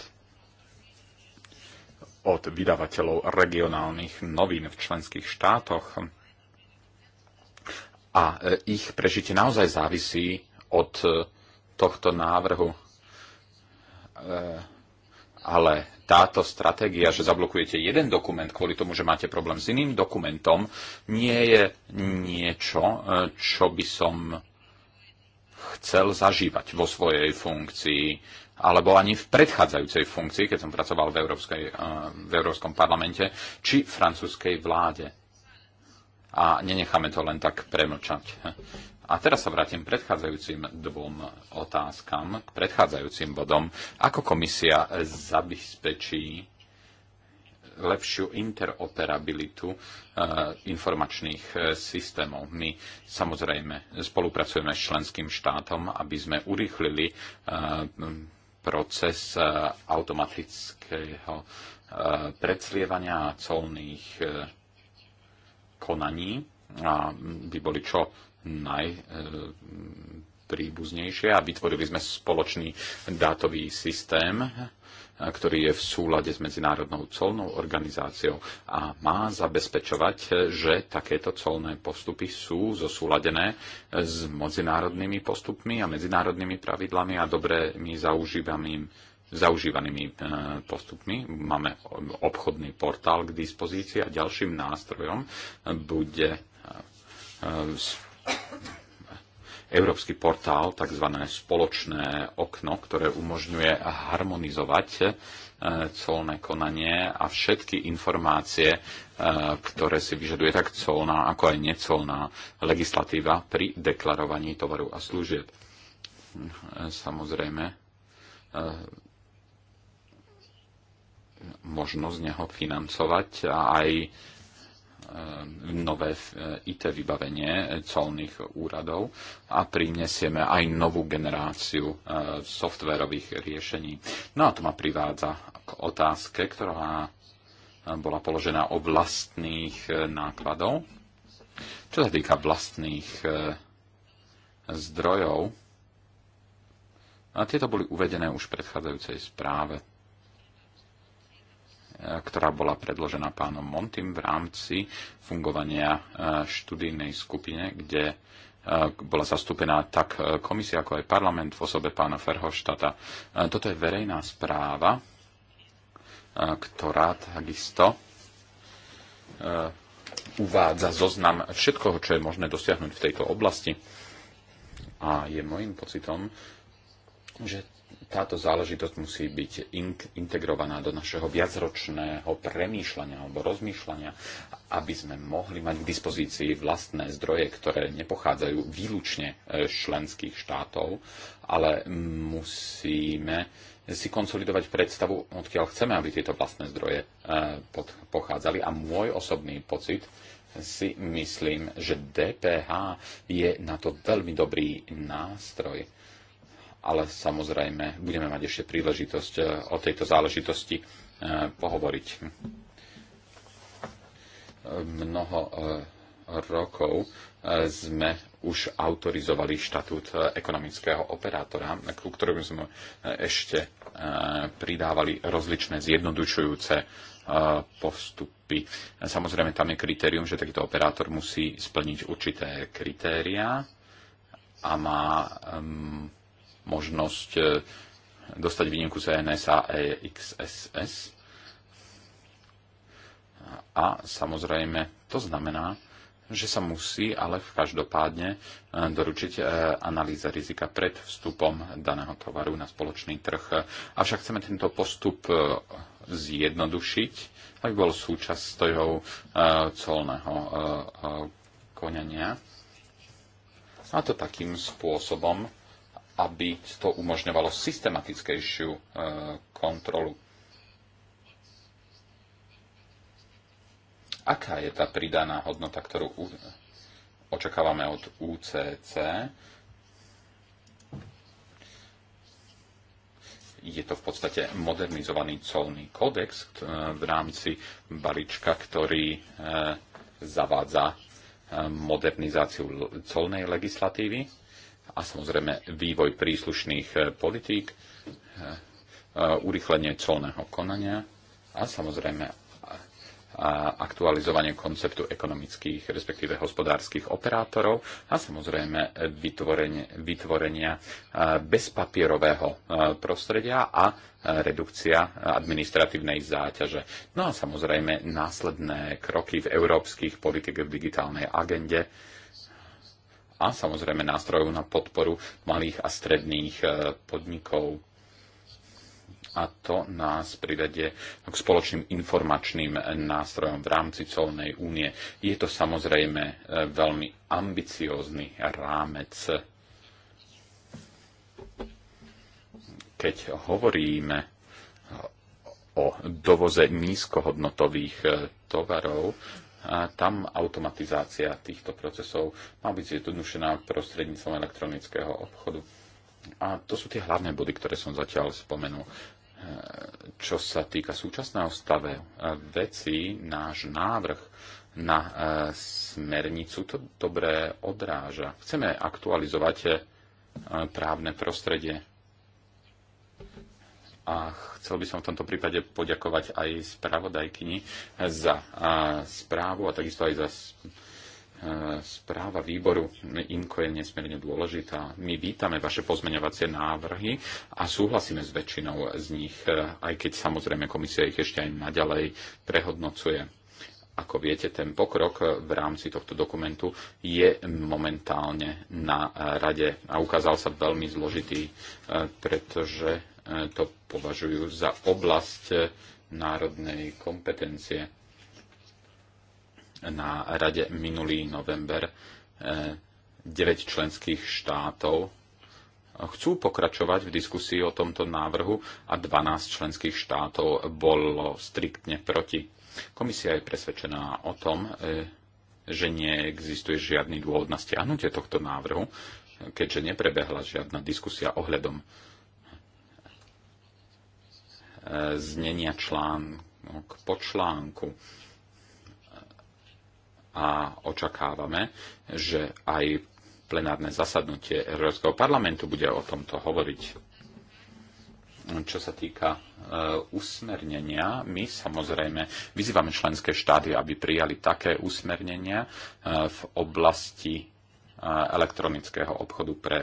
od vydavateľov regionálnych novín v členských štátoch a e, ich prežitie naozaj závisí od e, tohto návrhu. E, ale táto stratégia, že zablokujete jeden dokument kvôli tomu, že máte problém s iným dokumentom, nie je niečo, čo by som chcel zažívať vo svojej funkcii alebo ani v predchádzajúcej funkcii, keď som pracoval v, Európskej, eh, v Európskom parlamente, či francúzskej vláde. A nenecháme to len tak premlčať. A teraz sa vrátim k predchádzajúcim dvom otázkam, k predchádzajúcim bodom. Ako komisia zabezpečí lepšiu interoperabilitu eh, informačných eh, systémov. My samozrejme spolupracujeme s členským štátom, aby sme urýchlili eh, proces automatického predslievania colných konaní a by boli čo najpríbuznejšie a vytvorili sme spoločný dátový systém, ktorý je v súlade s Medzinárodnou colnou organizáciou a má zabezpečovať, že takéto colné postupy sú zosúladené s medzinárodnými postupmi a medzinárodnými pravidlami a dobrými zaužívanými zaužívanými e, postupmi. Máme obchodný portál k dispozícii a ďalším nástrojom bude e, európsky portál, tzv. spoločné okno, ktoré umožňuje harmonizovať e, colné konanie a všetky informácie, e, ktoré si vyžaduje tak colná, ako aj necolná legislatíva pri deklarovaní tovaru a služieb. Hm, e, samozrejme, možno z neho financovať a aj Ehm, nové eh, IT vybavenie eh, colných úradov a prinesieme aj novú generáciu eh, softverových riešení. No a to ma privádza k otázke, ktorá bola položená o vlastných nákladov. Čo sa týka vlastných zdrojov, a tieto boli uvedené už v predchádzajúcej správe ktorá bola predložená pánom Montim v rámci fungovania e, študijnej skupine, kde e, bola zastúpená tak e, komisia, ako aj parlament v osobe pána Ferhoštata. Toto je verejná správa, ktorá takisto uvádza zoznam všetkoho, čo je možné dosiahnuť v tejto oblasti. A je môjim pocitom, že táto záležitosť musí byť integrovaná do našeho viacročného premýšľania alebo rozmýšľania, aby sme mohli mať k dispozícii vlastné zdroje, ktoré nepochádzajú výlučne e, z členských štátov, ale musíme si konsolidovať predstavu, odkiaľ chceme, aby tieto vlastné zdroje e, pochádzali. A môj osobný pocit si myslím, že DPH je na to veľmi dobrý nástroj ale samozrejme budeme mať ešte príležitosť e, o tejto záležitosti e, pohovoriť. Mnoho e, rokov sme už autorizovali štatút ekonomického operátora, ku ktorým sme ešte pridávali rozličné zjednodušujúce postupy. Samozrejme, tam je kritérium, že takýto operátor musí splniť určité kritériá a má možnosť e, dostať výnimku CNS e a EXSS. A samozrejme, to znamená, že sa musí ale v každopádne e, doručiť analýza rizika pred vstupom daného tovaru na spoločný trh. Avšak chceme tento postup zjednodušiť, aby bol súčasťou colného konania. A to takým spôsobom, aby to umožňovalo systematickejšiu e, kontrolu. Aká je tá pridaná hodnota, ktorú očakávame od UCC? je to v podstate modernizovaný colný kódex e, v rámci balíčka, ktorý e, zavádza modernizáciu colnej legislatívy a samozrejme vývoj príslušných eh, politík, eh, eh, urychlenie colného konania a samozrejme a aktualizovanie konceptu ekonomických, respektíve hospodárskych operátorov a samozrejme vytvorenie, vytvorenia bezpapierového prostredia a redukcia administratívnej záťaže. No a samozrejme následné kroky v európskych politikách v digitálnej agende, a samozrejme nástrojov na podporu malých a stredných e, podnikov. A to nás privedie k spoločným informačným nástrojom v rámci colnej únie. Je to samozrejme e, veľmi ambiciózny rámec. Keď hovoríme o dovoze nízkohodnotových e, tovarov, tam automatizácia týchto procesov má byť zjednodušená prostredníctvom elektronického obchodu. A to sú tie hlavné body, ktoré som zatiaľ spomenul. E, čo sa týka súčasného stave e, veci, náš návrh na e, smernicu to dobre odráža. Chceme aktualizovať právne prostredie a chcel by som v tomto prípade poďakovať aj spravodajkyni za správu a takisto aj za správa výboru Inko je nesmierne dôležitá. My vítame vaše pozmeňovacie návrhy a súhlasíme s väčšinou z nich, e, aj keď samozrejme komisia ich ešte aj naďalej prehodnocuje. Ako viete, ten pokrok v rámci tohto dokumentu je momentálne na rade a ukázal sa veľmi zložitý, e, pretože E, to považujú za oblasť e, národnej kompetencie. Na rade minulý november 9 e, členských štátov chcú pokračovať v diskusii o tomto návrhu a 12 členských štátov bolo striktne proti. Komisia je presvedčená o tom, že neexistuje žiadny dôvod na stiahnutie tohto návrhu, keďže neprebehla žiadna diskusia ohľadom znenia článok po článku. A očakávame, že aj plenárne zasadnutie Európskeho parlamentu bude o tomto hovoriť. Čo sa týka e, usmernenia, my samozrejme vyzývame členské štáty, aby prijali také usmernenia e, v oblasti e, elektronického obchodu pre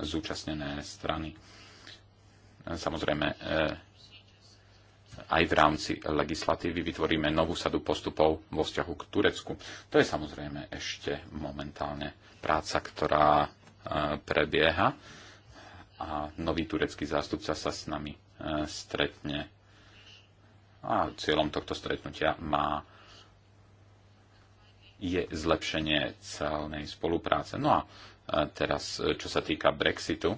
zúčastnené strany Samozrejme, e, aj v rámci legislatívy vytvoríme novú sadu postupov vo vzťahu k Turecku. To je samozrejme ešte momentálne práca, ktorá e, prebieha a nový turecký zástupca sa s nami e, stretne. A cieľom tohto stretnutia má je zlepšenie celnej spolupráce. No a teraz, čo sa týka Brexitu,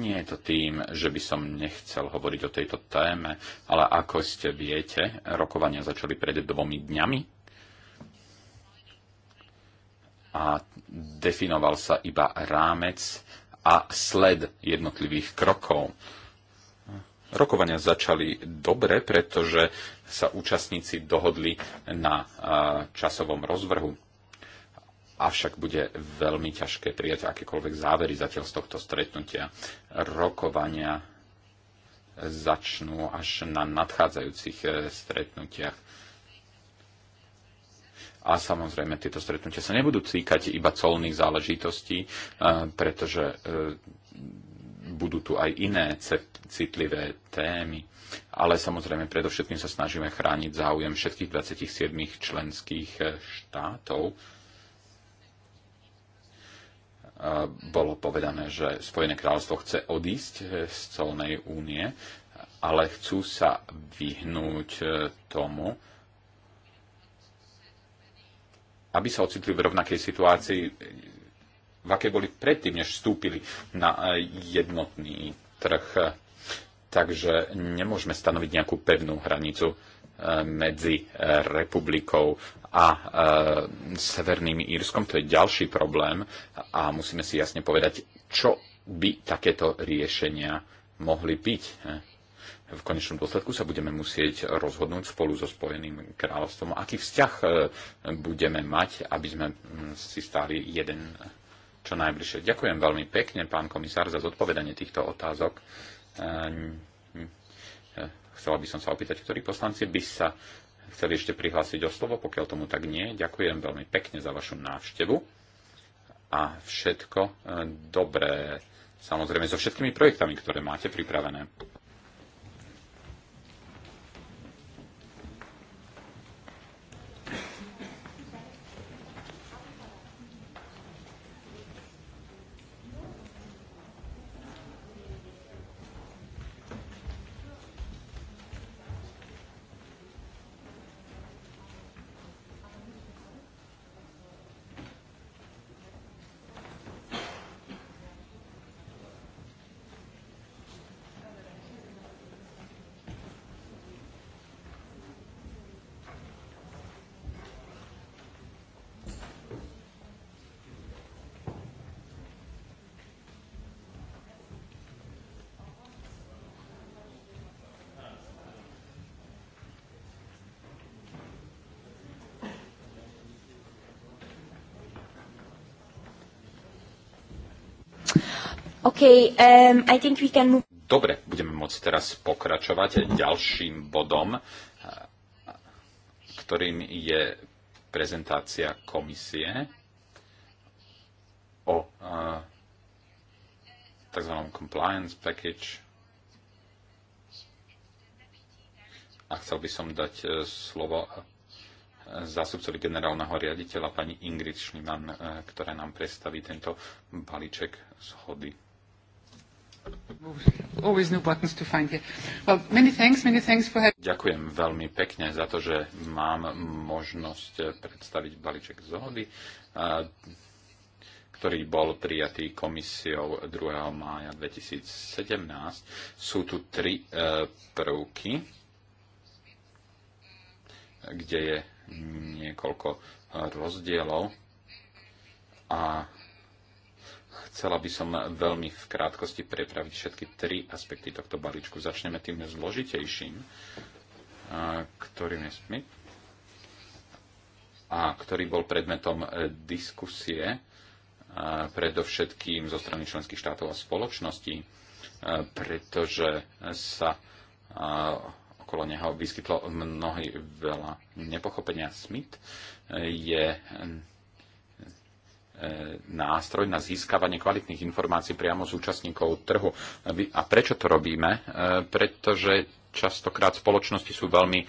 nie je to tým, že by som nechcel hovoriť o tejto téme, ale ako ste viete, rokovania začali pred dvomi dňami a definoval sa iba rámec a sled jednotlivých krokov. Rokovania začali dobre, pretože sa účastníci dohodli na časovom rozvrhu avšak bude veľmi ťažké prijať akékoľvek závery zatiaľ z tohto stretnutia. Rokovania začnú až na nadchádzajúcich e, stretnutiach. A samozrejme, tieto stretnutia sa nebudú týkať iba colných záležitostí, e, pretože e, budú tu aj iné citlivé témy. Ale samozrejme, predovšetkým sa snažíme chrániť záujem všetkých 27 členských štátov, bolo povedané, že Spojené kráľovstvo chce odísť eh, z colnej únie, ale chcú sa vyhnúť eh, tomu, aby sa ocitli v rovnakej situácii, v akej boli predtým, než vstúpili na eh, jednotný trh. Takže nemôžeme stanoviť nejakú pevnú hranicu medzi eh, republikou a eh, Severným Írskom. To je ďalší problém a musíme si jasne povedať, čo by takéto riešenia mohli byť. Eh. V konečnom dôsledku sa budeme musieť rozhodnúť spolu so Spojeným kráľovstvom, aký vzťah budeme mať, aby sme hm, si stali jeden čo najbližšie. Ďakujem veľmi pekne, pán komisár, za zodpovedanie týchto otázok. Ehm, hm. Chcela by som sa opýtať, ktorí poslanci by sa chceli ešte prihlásiť o slovo, pokiaľ tomu tak nie. Ďakujem veľmi pekne za vašu návštevu a všetko e, dobré, samozrejme so všetkými projektami, ktoré máte pripravené. Okay, um, I think we can move... Dobre, budeme môcť teraz pokračovať ďalším bodom, ktorým je prezentácia komisie o uh, eh, tzv. compliance package. A chcel by som dať eh, slovo eh, zásupcovi generálneho riaditeľa pani Ingrid Šliman, ktorá nám predstaví tento balíček zhody. Ďakujem veľmi pekne za to, že mám možnosť eh, predstaviť balíček zhody, eh, ktorý bol prijatý komisiou 2. mája 2017. Sú tu tri eh, prvky, kde je niekoľko rozdielov a Chcela by som veľmi v krátkosti prepraviť všetky tri aspekty tohto balíčku. Začneme tým zložitejším, ktorým je SMIP a ktorý bol predmetom e, diskusie predovšetkým zo strany členských štátov a spoločností, e, pretože sa e, okolo neho vyskytlo mnohý veľa nepochopenia. SMIT je E, nástroj na získavanie kvalitných informácií priamo z účastníkov trhu. A prečo to robíme? E, pretože častokrát spoločnosti sú veľmi e,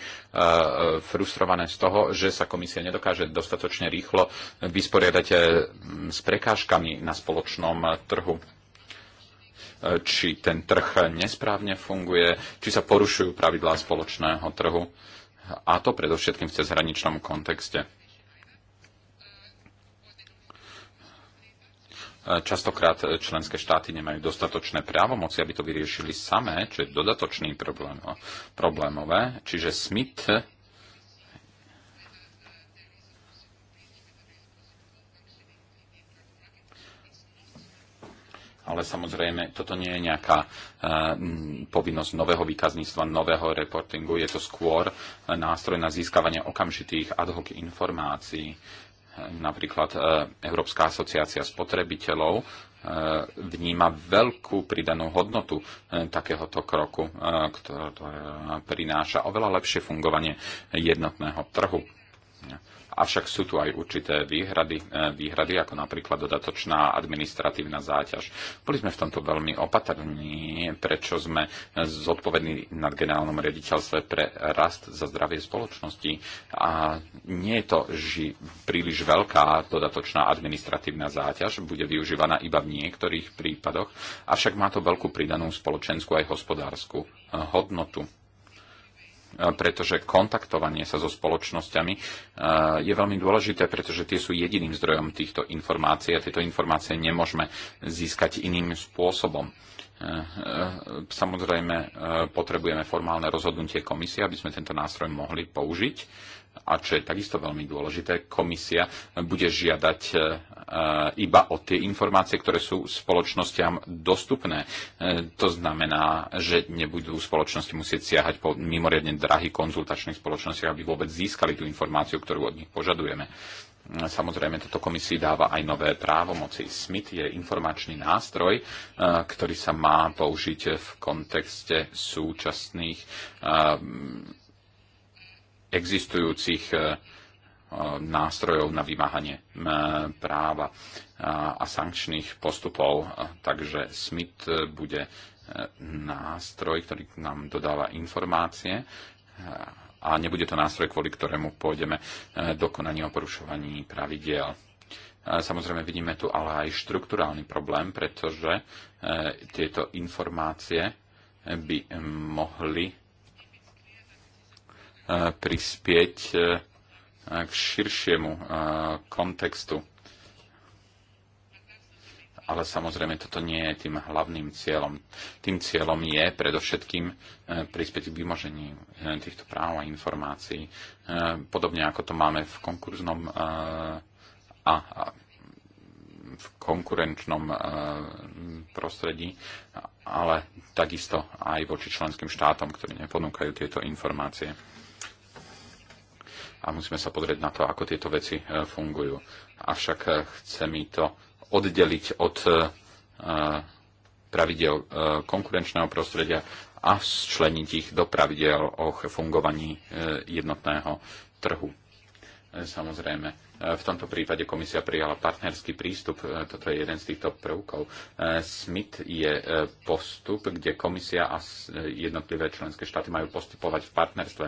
frustrované z toho, že sa komisia nedokáže dostatočne rýchlo vysporiadať s prekážkami na spoločnom trhu či ten trh nesprávne funguje, či sa porušujú pravidlá spoločného trhu. A to predovšetkým v cezhraničnom kontexte E, častokrát e, členské štáty nemajú dostatočné právomoci, aby to vyriešili samé, čo je dodatočný problém, problémové. Čiže SMIT ale samozrejme toto nie je nejaká e, povinnosť nového výkazníctva, nového reportingu, je to skôr nástroj na získavanie okamžitých ad hoc informácií. Napríklad e, Európska asociácia spotrebiteľov e, vníma veľkú pridanú hodnotu e, takéhoto kroku, ktorá prináša oveľa lepšie fungovanie jednotného trhu. Avšak sú tu aj určité výhrady, e, výhrady ako napríklad dodatočná administratívna záťaž. Boli sme v tomto veľmi opatrní, prečo sme zodpovední nad generálnom riaditeľstve pre rast za zdravie spoločnosti a nie je to ži- príliš veľká dodatočná administratívna záťaž, bude využívaná iba v niektorých prípadoch, avšak má to veľkú pridanú spoločenskú aj hospodárskú e, hodnotu pretože kontaktovanie sa so spoločnosťami je veľmi dôležité, pretože tie sú jediným zdrojom týchto informácií a tieto informácie nemôžeme získať iným spôsobom. E, e, samozrejme, e, potrebujeme formálne rozhodnutie komisie, aby sme tento nástroj mohli použiť a čo je takisto veľmi dôležité, komisia bude žiadať e, e, iba o tie informácie, ktoré sú spoločnostiam dostupné. E, to znamená, že nebudú spoločnosti musieť siahať po mimoriadne drahých konzultačných spoločnostiach, aby vôbec získali tú informáciu, ktorú od nich požadujeme. Samozrejme, toto komisii dáva aj nové právomoci. SMIT je informačný nástroj, ktorý sa má použiť v kontexte súčasných existujúcich e, e, nástrojov na vymáhanie práva e, a sankčných postupov. Takže SMIT bude nástroj, ktorý nám dodáva informácie a nebude to nástroj, kvôli ktorému pôjdeme do konania o porušovaní pravidiel. Samozrejme vidíme tu ale aj štruktúrálny problém, pretože tieto informácie by mohli prispieť e, k širšiemu e, kontextu. Ale samozrejme, toto nie je tým hlavným cieľom. Tým cieľom je predovšetkým e, prispieť k vymoženiu týchto práv a informácií, podobne ako to máme v konkurznom a v konkurenčnom prostredí, ale takisto aj voči členským štátom, ktorí neponúkajú tieto informácie a musíme sa pozrieť na to, ako tieto veci e, fungujú. Avšak e, chce mi to oddeliť od e, pravidel konkurenčného prostredia a zčleniť ich do pravidel o fungovaní jednotného trhu. Samozrejme, v tomto prípade komisia prijala partnerský prístup. E, toto je jeden z týchto prvkov. E, SMIT je e, postup, kde komisia a jednotlivé členské štáty majú postupovať v partnerstve.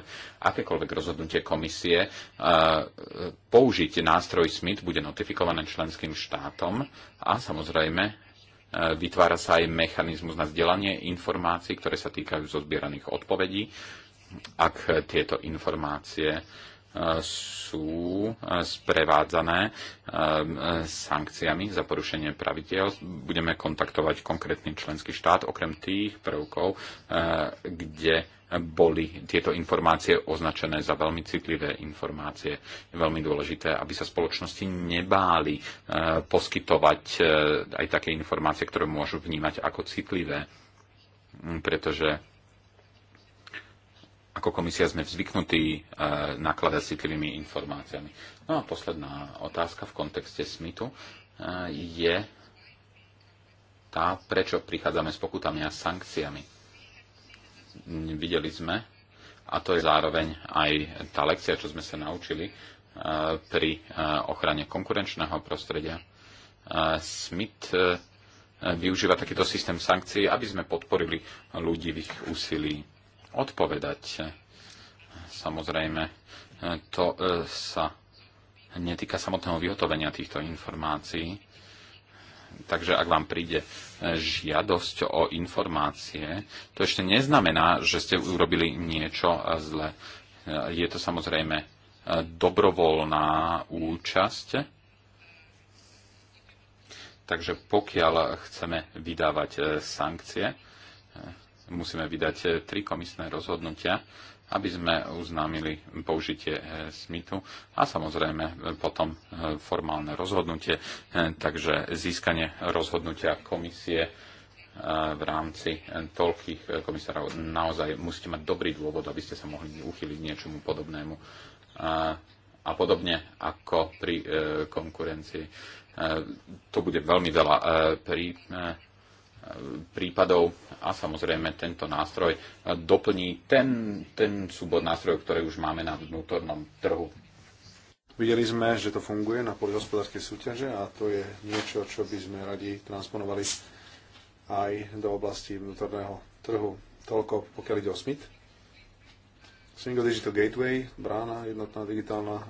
Akékoľvek rozhodnutie komisie použiť nástroj SMIT bude notifikované členským štátom a samozrejme vytvára sa aj mechanizmus na vzdelanie informácií, ktoré sa týkajú zozbieraných odpovedí, ak tieto informácie sú sprevádzané sankciami za porušenie pravidel. Budeme kontaktovať konkrétny členský štát, okrem tých prvkov, kde boli tieto informácie označené za veľmi citlivé informácie. Je veľmi dôležité, aby sa spoločnosti nebáli poskytovať aj také informácie, ktoré môžu vnímať ako citlivé, pretože ako komisia sme zvyknutí e, nakladať citlivými informáciami. No a posledná otázka v kontexte SMITu e, je tá, prečo prichádzame s pokutami a sankciami. Videli sme, a to je zároveň aj tá lekcia, čo sme sa naučili e, pri ochrane konkurenčného prostredia. Smith využíva takýto systém sankcií, aby sme podporili ľudí v ich úsilí odpovedať. Samozrejme, to e, sa netýka samotného vyhotovenia týchto informácií. Takže ak vám príde e, žiadosť o informácie, to ešte neznamená, že ste urobili niečo zle. E, je to samozrejme dobrovoľná účasť. Takže pokiaľ chceme vydávať sankcie, musíme vydať eh, tri komisné rozhodnutia, aby sme uznámili použitie eh, SMITu a samozrejme eh, potom formálne rozhodnutie, takže získanie rozhodnutia komisie v rámci toľkých komisárov. Naozaj musíte mať dobrý dôvod, aby ste sa mohli uchyliť niečomu podobnému. A podobne ako pri konkurencii. To bude veľmi veľa pri prípadov a samozrejme tento nástroj doplní ten, ten súbor nástrojov, ktoré už máme na vnútornom trhu. Videli sme, že to funguje na poli hospodárskej súťaže a to je niečo, čo by sme radi transponovali aj do oblasti vnútorného trhu. Toľko, pokiaľ ide o SMIT. Single Digital Gateway, brána, jednotná digitálna, e,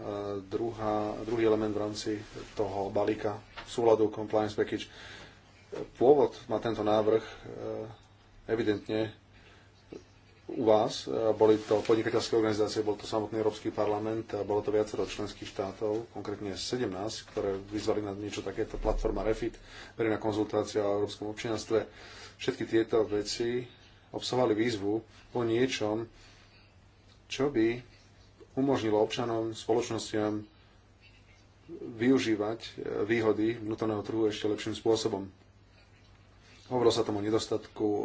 druhá, druhý element v rámci toho balíka súladu Compliance Package Pôvod má tento návrh eh, evidentne u vás. Eh, boli to podnikateľské organizácie, bol to samotný Európsky parlament, bolo to viacero členských štátov, konkrétne 17, ktoré vyzvali na niečo takéto platforma Refit, verejná konzultácia o európskom občianstve. Všetky tieto veci obsahovali výzvu po niečom, čo by umožnilo občanom, spoločnostiam využívať eh, výhody vnútorného trhu ešte lepším spôsobom. Hovorilo sa tam o nedostatku e,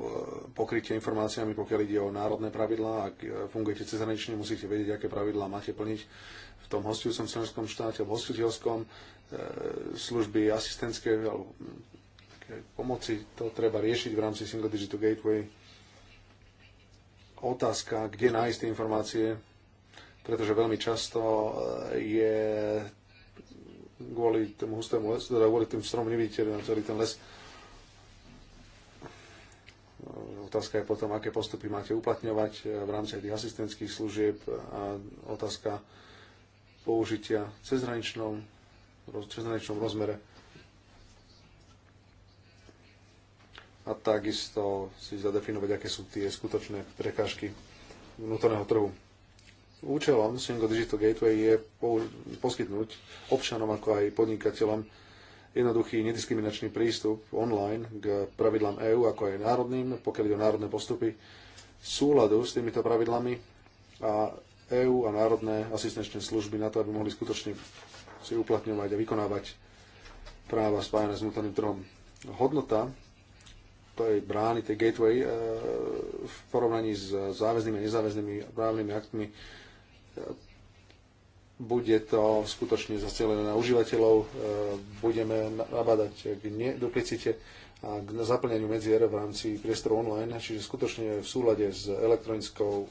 pokrytia informáciami, pokiaľ ide o národné pravidlá. Ak e, fungujete cezhranične, musíte vedieť, aké pravidlá máte plniť v tom hostujúcom členskom štáte, v hostiteľskom e, služby asistentské alebo mm, pomoci. To treba riešiť v rámci Single Digital Gateway. Otázka, kde nájsť tie informácie, pretože veľmi často je kvôli tomu hustému lesu, teda kvôli tým strom nevidíte na celý ten les, E, otázka je potom, aké postupy máte uplatňovať e, v rámci tých asistentských služieb a otázka použitia cezhraničnom, cezhraničnom rozmere. A takisto si zadefinovať, aké sú tie skutočné prekážky vnútorného trhu. Účelom Single Digital Gateway je poskytnúť občanom ako aj podnikateľom jednoduchý nediskriminačný prístup online k pravidlám EÚ, ako aj národným, pokiaľ ide o národné postupy súladu s týmito pravidlami a EÚ a národné asistenčné služby na to, aby mohli skutočne si uplatňovať a vykonávať práva spájane s vnútorným trhom. Hodnota tej brány, tej gateway e, v porovnaní s záväznými a nezáväznými právnymi aktmi bude to skutočne zacielené na užívateľov, e, budeme nabadať k neduplicite a k zaplňaniu medzier v rámci priestoru online, čiže skutočne v súlade s elektronickou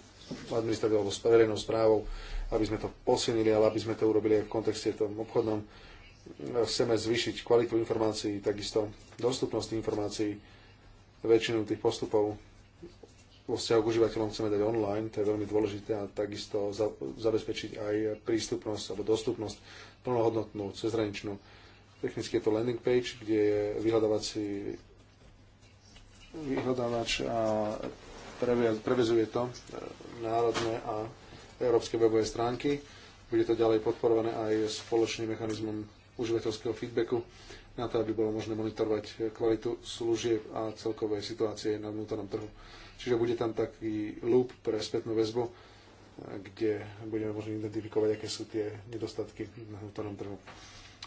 administratívou alebo s verejnou správou, aby sme to posilnili, ale aby sme to urobili aj v kontexte tom obchodnom. E, chceme zvýšiť kvalitu informácií, takisto dostupnosť informácií, väčšinu tých postupov vo vzťahu k užívateľom chceme dať online, to je veľmi dôležité a takisto za, zabezpečiť aj prístupnosť alebo dostupnosť plnohodnotnú, cezhraničnú. Technicky je to landing page, kde je vyhľadávací vyhľadávač a prevezuje to e, národné a európske webové stránky. Bude to ďalej podporované aj spoločným mechanizmom užívateľského feedbacku na to, aby bolo možné monitorovať kvalitu služieb a celkovej situácie na vnútornom trhu. Čiže bude tam taký loop pre spätnú väzbu, kde budeme možno identifikovať, aké sú tie nedostatky na vnútornom trhu.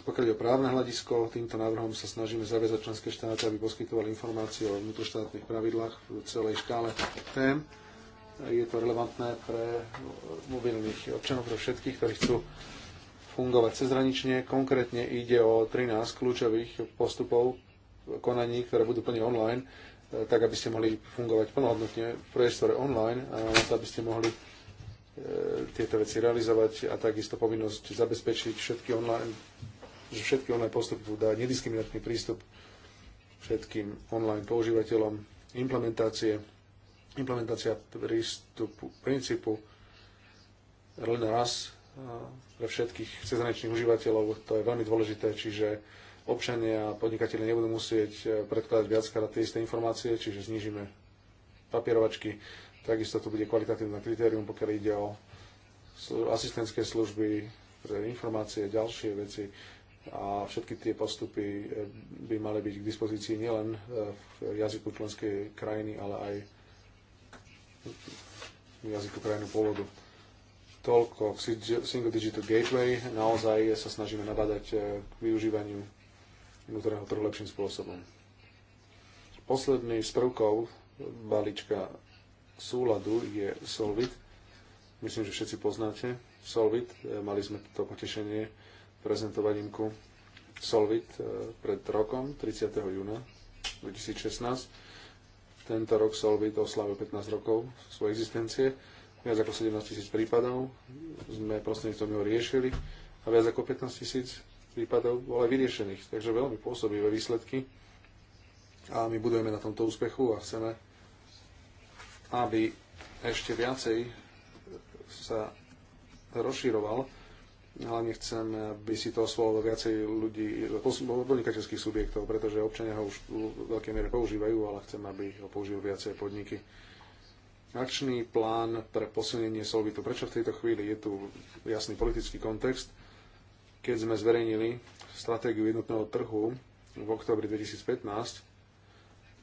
Pokiaľ je o právne hľadisko, týmto návrhom sa snažíme zaviazať členské štáty, aby poskytovali informácie o vnútroštátnych pravidlách v celej škále tém. Je to relevantné pre mobilných občanov, pre všetkých, ktorí chcú fungovať cezhranične. Konkrétne ide o 13 kľúčových postupov konaní, ktoré budú plne online tak aby ste mohli fungovať plnohodnotne v priestore online a aby ste mohli e, tieto veci realizovať a takisto povinnosť zabezpečiť všetky online, že všetky online postupy dá nediskriminačný prístup všetkým online používateľom implementácie, implementácia prístupu, princípu len raz e, pre všetkých cezhraničných užívateľov, to je veľmi dôležité, čiže občania a podnikatelia nebudú musieť e, predkladať viackrát tie isté informácie, čiže znižíme papierovačky. Takisto tu bude kvalitatívne kritérium, pokiaľ ide o asistentské služby, pre informácie, ďalšie veci a všetky tie postupy e, by mali byť k dispozícii nielen e, v jazyku členskej krajiny, ale aj v jazyku krajinu pôvodu. Toľko k Single Digital Gateway. Naozaj sa snažíme nabadať k využívaniu vnútorného trhu lepším spôsobom. Posledný z prvkov balíčka súladu je Solvit. Myslím, že všetci poznáte Solvit. E, mali sme to potešenie prezentovať imku Solvit e, pred rokom, 30. júna 2016. Tento rok Solvit oslavil 15 rokov svojej existencie. Viac ako 17 tisíc prípadov sme prostredníctvom ho riešili a viac ako 15 tisíc prípadov bol aj vyriešených. Takže veľmi pôsobivé výsledky a my budujeme na tomto úspechu a chceme, aby ešte viacej sa rozširoval. ale chceme, aby si to osvojilo viacej ľudí, podnikateľských subjektov, pretože občania ho už v veľkej miere používajú, ale chceme, aby ho používali viacej podniky. Akčný plán pre posilnenie solvitu. Prečo v tejto chvíli je tu jasný politický kontext? keď sme zverejnili stratégiu jednotného trhu v oktobri 2015,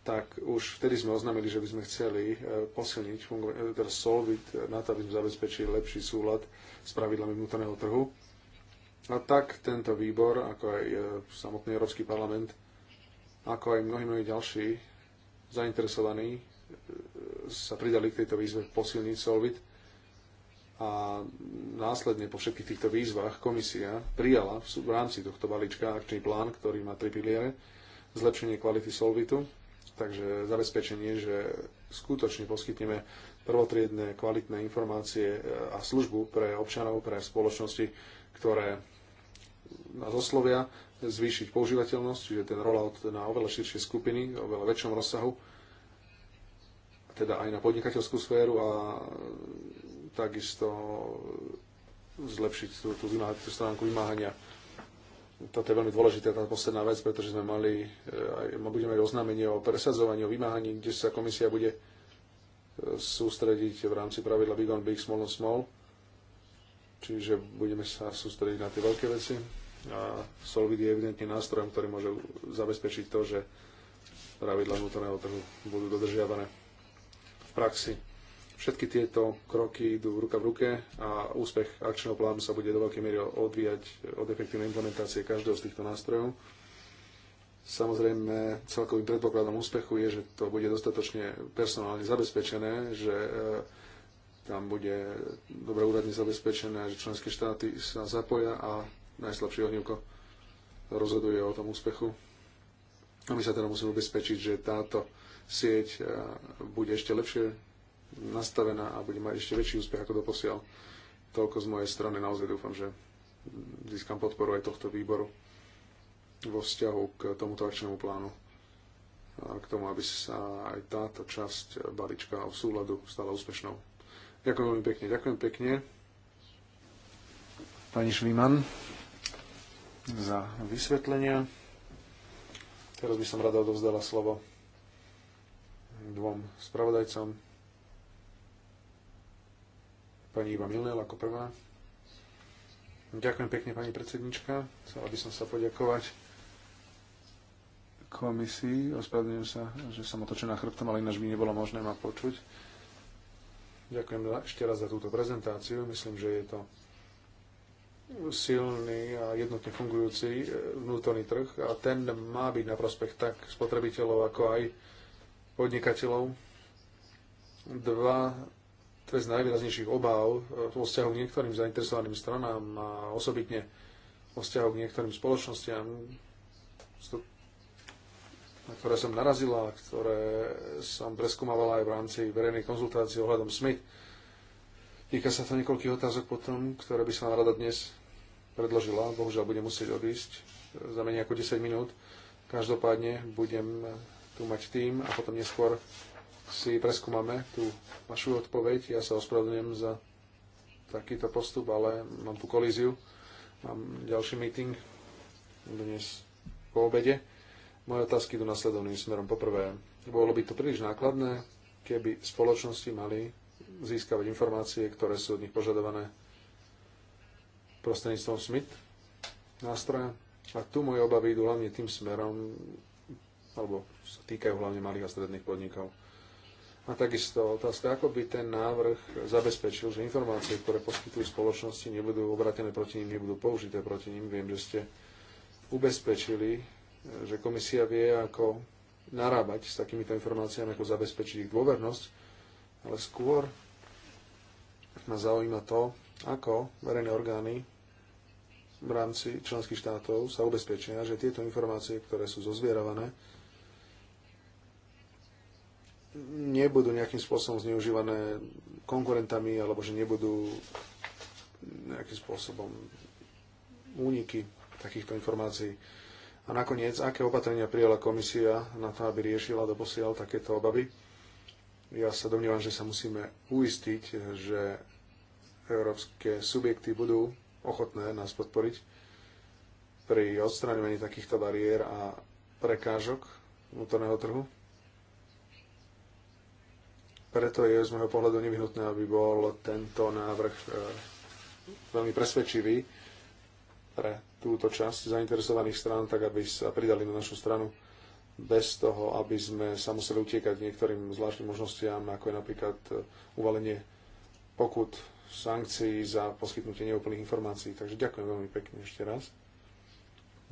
tak už vtedy sme oznámili, že by sme chceli e, posilniť e, teda Solvit na to, aby sme zabezpečili lepší súlad s pravidlami vnútorného trhu. A tak tento výbor, ako aj e, samotný Európsky parlament, ako aj mnohí, mnohí ďalší zainteresovaní sa pridali k tejto výzve posilniť Solvit a následne po všetkých týchto výzvach komisia prijala v rámci tohto balíčka akčný plán, ktorý má tri piliere, zlepšenie kvality solvitu, takže zabezpečenie, že skutočne poskytneme prvotriedne kvalitné informácie e, a službu pre občanov, pre spoločnosti, ktoré nás oslovia, zvýšiť používateľnosť, čiže ten rollout na oveľa širšie skupiny, oveľa väčšom rozsahu, teda aj na podnikateľskú sféru a takisto zlepšiť tú, tú, tú stránku vymáhania. Toto je veľmi dôležité tá posledná vec, pretože sme mali, eh, aj, budeme mať oznámenie o presadzovaní, o vymáhaní, kde sa komisia bude eh, sústrediť v rámci pravidla Big on Big, Small on Small. Čiže budeme sa sústrediť na tie veľké veci. A Solvid je evidentne nástrojom, ktorý môže zabezpečiť to, že pravidla vnútorného trhu budú dodržiavané v praxi. Všetky tieto kroky idú ruka v ruke a úspech akčného plánu sa bude do veľkej miery odvíjať od efektívnej implementácie každého z týchto nástrojov. Samozrejme, celkovým predpokladom úspechu je, že to bude dostatočne personálne zabezpečené, že e, tam bude dobre úradne zabezpečené, že členské štáty sa zapoja a najslabšie ohnívko rozhoduje o tom úspechu. A my sa teda musíme ubezpečiť, že táto sieť e, bude ešte lepšie nastavená a bude mať ešte väčší úspech ako doposiaľ. Toľko z mojej strany. Naozaj dúfam, že získam podporu aj tohto výboru vo vzťahu k tomuto akčnému plánu a k tomu, aby sa aj táto časť balíčka v súladu stala úspešnou. Ďakujem veľmi pekne. Ďakujem pekne. Pani Šviman za vysvetlenia. Teraz by som rada odovzdala slovo dvom spravodajcom Pani Iva Milel ako prvá. Ďakujem pekne, pani predsednička. Chcela by som sa poďakovať komisii. Ospravedlňujem sa, že som otočená chrbtom, ale ináč by nebolo možné ma počuť. Ďakujem ešte raz za túto prezentáciu. Myslím, že je to silný a jednotne fungujúci e, vnútorný trh a ten má byť na prospech tak spotrebiteľov, ako aj podnikateľov. Dva to je z najvýraznejších obáv e, vo vzťahu k niektorým zainteresovaným stranám a osobitne vo vzťahu k niektorým spoločnostiam, na ktoré som narazila, ktoré som preskúmavala aj v rámci verejnej konzultácie ohľadom SMIT. Týka sa to niekoľkých otázok potom, ktoré by som rada dnes predložila. Bohužiaľ budem musieť odísť e, za menej ako 10 minút. Každopádne budem tu mať tým a potom neskôr si preskúmame tú vašu odpoveď. Ja sa ospravedlňujem za takýto postup, ale mám tu kolíziu. Mám ďalší meeting dnes po obede. Moje otázky idú nasledovným smerom. Poprvé, bolo by to príliš nákladné, keby spoločnosti mali získavať informácie, ktoré sú od nich požadované prostredníctvom SMIT nástroja. A tu moje obavy idú hlavne tým smerom, alebo sa týkajú hlavne malých a stredných podnikov a takisto otázka, ako by ten návrh zabezpečil, že informácie, ktoré poskytujú spoločnosti, nebudú obratené proti ním, nebudú použité proti ním. Viem, že ste ubezpečili, že komisia vie, ako narábať s takýmito informáciami, ako zabezpečiť ich dôvernosť, ale skôr ma zaujíma to, ako verejné orgány v rámci členských štátov sa ubezpečia, že tieto informácie, ktoré sú zozvierované, nebudú nejakým spôsobom zneužívané konkurentami alebo že nebudú nejakým spôsobom úniky takýchto informácií. A nakoniec, aké opatrenia prijala komisia na to, aby riešila doposiaľ takéto obavy? Ja sa domnívam, že sa musíme uistiť, že európske subjekty budú ochotné nás podporiť pri odstraňovaní takýchto bariér a prekážok vnútorného trhu preto je z môjho pohľadu nevyhnutné, aby bol tento návrh e, veľmi presvedčivý pre túto časť zainteresovaných strán, tak aby sa pridali na našu stranu bez toho, aby sme sa museli utiekať niektorým zvláštnym možnostiam, ako je napríklad e, uvalenie pokut, sankcií za poskytnutie neúplných informácií. Takže ďakujem veľmi pekne ešte raz.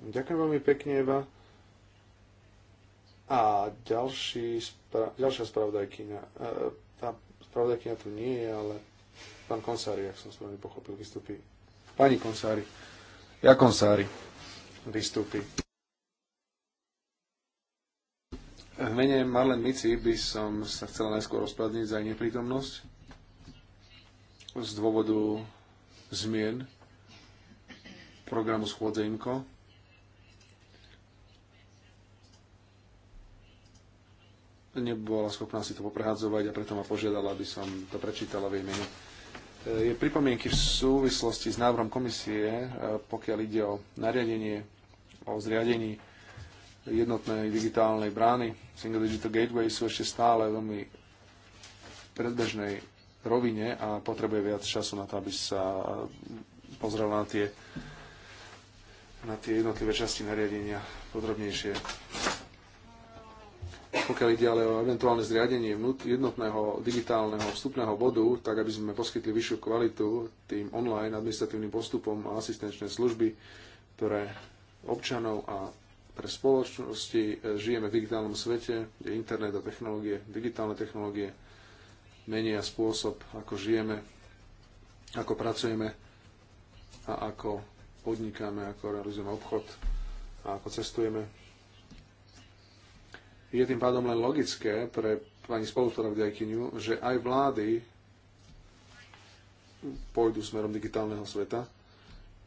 Ďakujem veľmi pekne, Eva. A ďalší, spra- ďalšia spravodajkyňa, e, tá spravodajkyňa tu nie je, ale pán Konsári, ak som správne pochopil, vystúpi. Pani Konsári, ja Konsári, vystúpi. V mene Marlen Mici by som sa chcel najskôr ospravedlniť za neprítomnosť z dôvodu zmien programu schôdze IMCO. nebola schopná si to poprehadzovať a preto ma požiadala, aby som to prečítala v jej mene. E, je pripomienky v súvislosti s návrhom komisie, e, pokiaľ ide o nariadenie o zriadení jednotnej digitálnej brány Single Digital Gateway sú ešte stále veľmi predbežnej rovine a potrebuje viac času na to, aby sa pozrel na tie, na tie jednotlivé časti nariadenia podrobnejšie pokiaľ ide ale o eventuálne zriadenie jednotného digitálneho vstupného bodu, tak aby sme poskytli vyššiu kvalitu tým online administratívnym postupom a asistenčné služby, ktoré občanov a pre spoločnosti e, žijeme v digitálnom svete, kde internet a technológie, digitálne technológie menia spôsob, ako žijeme, ako pracujeme a ako podnikáme, ako realizujeme obchod a ako cestujeme je tým pádom len logické pre pani spolupravodajkyňu, že aj vlády pôjdu smerom digitálneho sveta.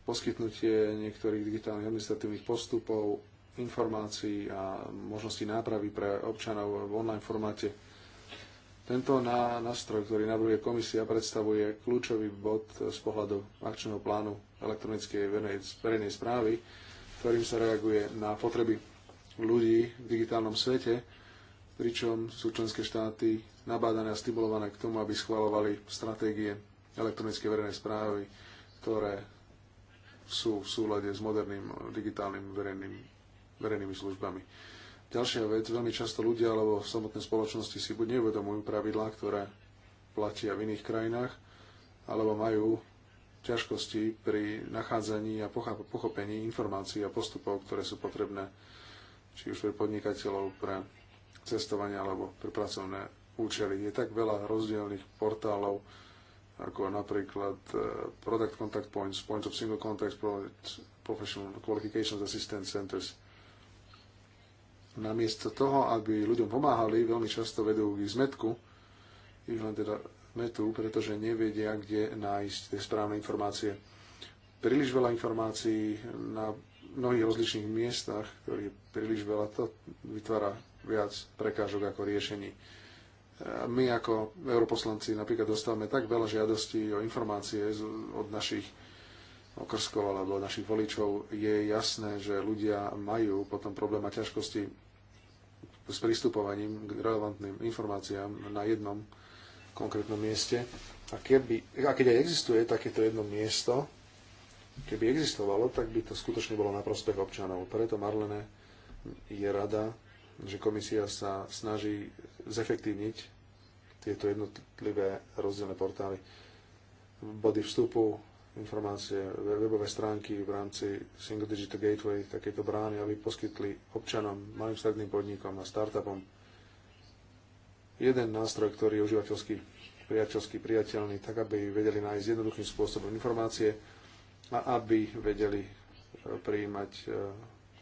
Poskytnutie niektorých digitálnych administratívnych postupov, informácií a možností nápravy pre občanov v online formáte. Tento nástroj, ktorý navrhuje komisia, predstavuje kľúčový bod z pohľadu akčného plánu elektronickej verejnej správy, ktorým sa reaguje na potreby ľudí v digitálnom svete, pričom sú členské štáty nabádané a stimulované k tomu, aby schvalovali stratégie elektronickej verejnej správy, ktoré sú v súlade s moderným digitálnym verejným, verejnými službami. Ďalšia vec, veľmi často ľudia alebo v samotnej spoločnosti si buď neuvedomujú pravidlá, ktoré platia v iných krajinách, alebo majú ťažkosti pri nachádzaní a pochopení informácií a postupov, ktoré sú potrebné či už pre podnikateľov, pre cestovanie alebo pre pracovné účely. Je tak veľa rozdielných portálov, ako napríklad e, Product Contact Points, Points of Single Contact, Professional Qualifications Assistance Centers. Namiesto toho, aby ľuďom pomáhali, veľmi často vedú ich zmetku, ich len teda metu, pretože nevedia, kde nájsť tie správne informácie. Príliš veľa informácií na mnohých rozličných miestach, ktorých je príliš veľa, to vytvára viac prekážok ako riešení. My ako europoslanci napríklad dostávame tak veľa žiadostí o informácie od našich okrskov alebo našich voličov, je jasné, že ľudia majú potom problém a ťažkosti s pristupovaním k relevantným informáciám na jednom konkrétnom mieste. A, keby, a keď aj existuje takéto jedno miesto, keby existovalo, tak by to skutočne bolo na prospech občanov. Preto Marlene je rada, že komisia sa snaží zefektívniť tieto jednotlivé rozdielne portály. Body vstupu, informácie, webové stránky v rámci Single Digital Gateway, takéto brány, aby poskytli občanom, malým stredným podnikom a startupom jeden nástroj, ktorý je užívateľský, priateľský, priateľný, tak aby vedeli nájsť jednoduchým spôsobom informácie, a aby vedeli e, prijímať e,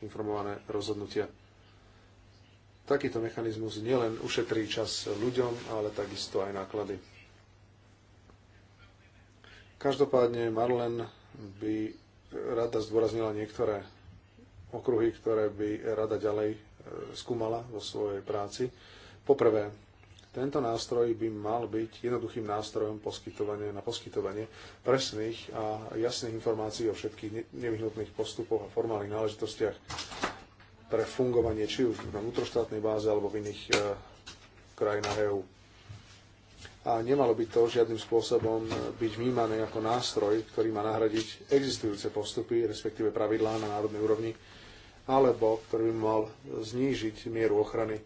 informované rozhodnutia. Takýto mechanizmus nielen ušetrí čas ľuďom, ale takisto aj náklady. Každopádne Marlen by rada zdôraznila niektoré okruhy, ktoré by rada ďalej e, skúmala vo svojej práci. Poprvé, tento nástroj by mal byť jednoduchým nástrojom poskytovania na poskytovanie presných a jasných informácií o všetkých nevyhnutných postupoch a formálnych náležitostiach pre fungovanie či už na vnútroštátnej báze alebo v iných e, krajinách EÚ. A nemalo by to žiadnym spôsobom e, byť vnímané ako nástroj, ktorý má nahradiť existujúce postupy, respektíve pravidlá na národnej úrovni, alebo ktorý by mal znížiť mieru ochrany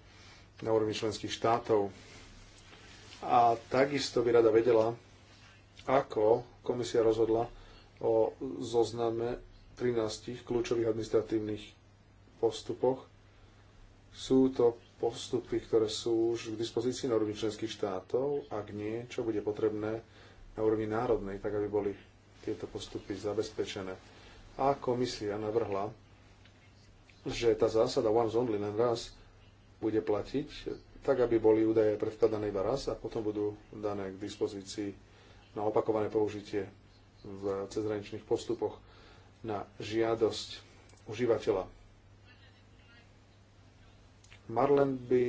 na úrovni členských štátov a takisto by rada vedela, ako komisia rozhodla o zozname 13 kľúčových administratívnych postupoch. Sú to postupy, ktoré sú už k dispozícii na úrovni členských štátov, ak nie, čo bude potrebné na úrovni národnej, tak aby boli tieto postupy zabezpečené. A komisia navrhla, že tá zásada once only len raz bude platiť tak aby boli údaje predkladané iba raz a potom budú dané k dispozícii na opakované použitie v cezhraničných postupoch na žiadosť užívateľa. Marlen by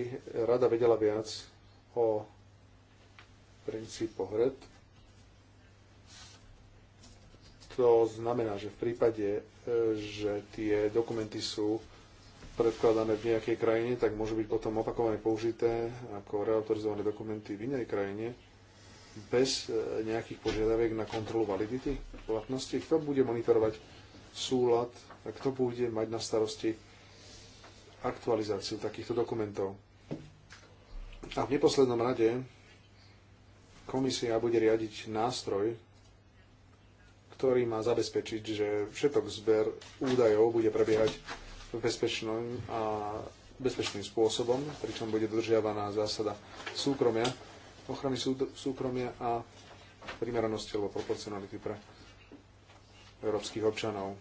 rada vedela viac o princípu hred. To znamená, že v prípade, e, že tie dokumenty sú predkladané v nejakej krajine, tak môžu byť potom opakovane použité ako reautorizované dokumenty v inej krajine bez e, nejakých požiadaviek na kontrolu validity, platnosti. Kto bude monitorovať súlad a kto bude mať na starosti aktualizáciu takýchto dokumentov. A v neposlednom rade komisia bude riadiť nástroj, ktorý má zabezpečiť, že všetok zber údajov bude prebiehať bezpečným, a bezpečným spôsobom, pričom bude dodržiavaná zásada súkromia, ochrany súkromia a primeranosti alebo proporcionality pre európskych občanov.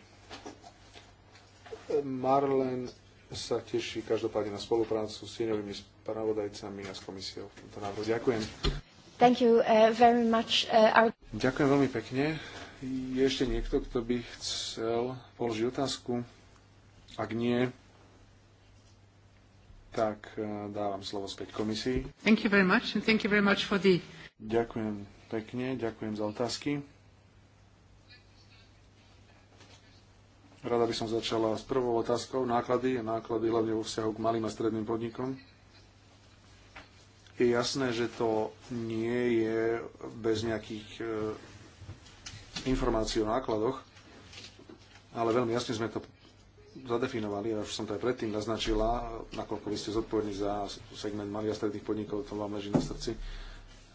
Marlen sa teší každopádne na spoluprácu s tieňovými spravodajcami a s komisiou. Tento návrh ďakujem. Thank you, uh, very much, uh, our... Ďakujem veľmi pekne. Je ešte niekto, kto by chcel položiť otázku? Ak nie, tak e, dávam slovo späť komisii. Thank you very much and thank you very much for the... Ďakujem pekne, ďakujem za otázky. Rada by som začala s prvou otázkou, náklady, náklady hlavne vo vzťahu k malým a stredným podnikom. Je jasné, že to nie je bez nejakých e, informácií o nákladoch, ale veľmi jasne sme to zadefinovali, ja už som to aj predtým naznačila, nakoľko vy ste zodpovední za segment malých a stredných podnikov, to vám leží na srdci.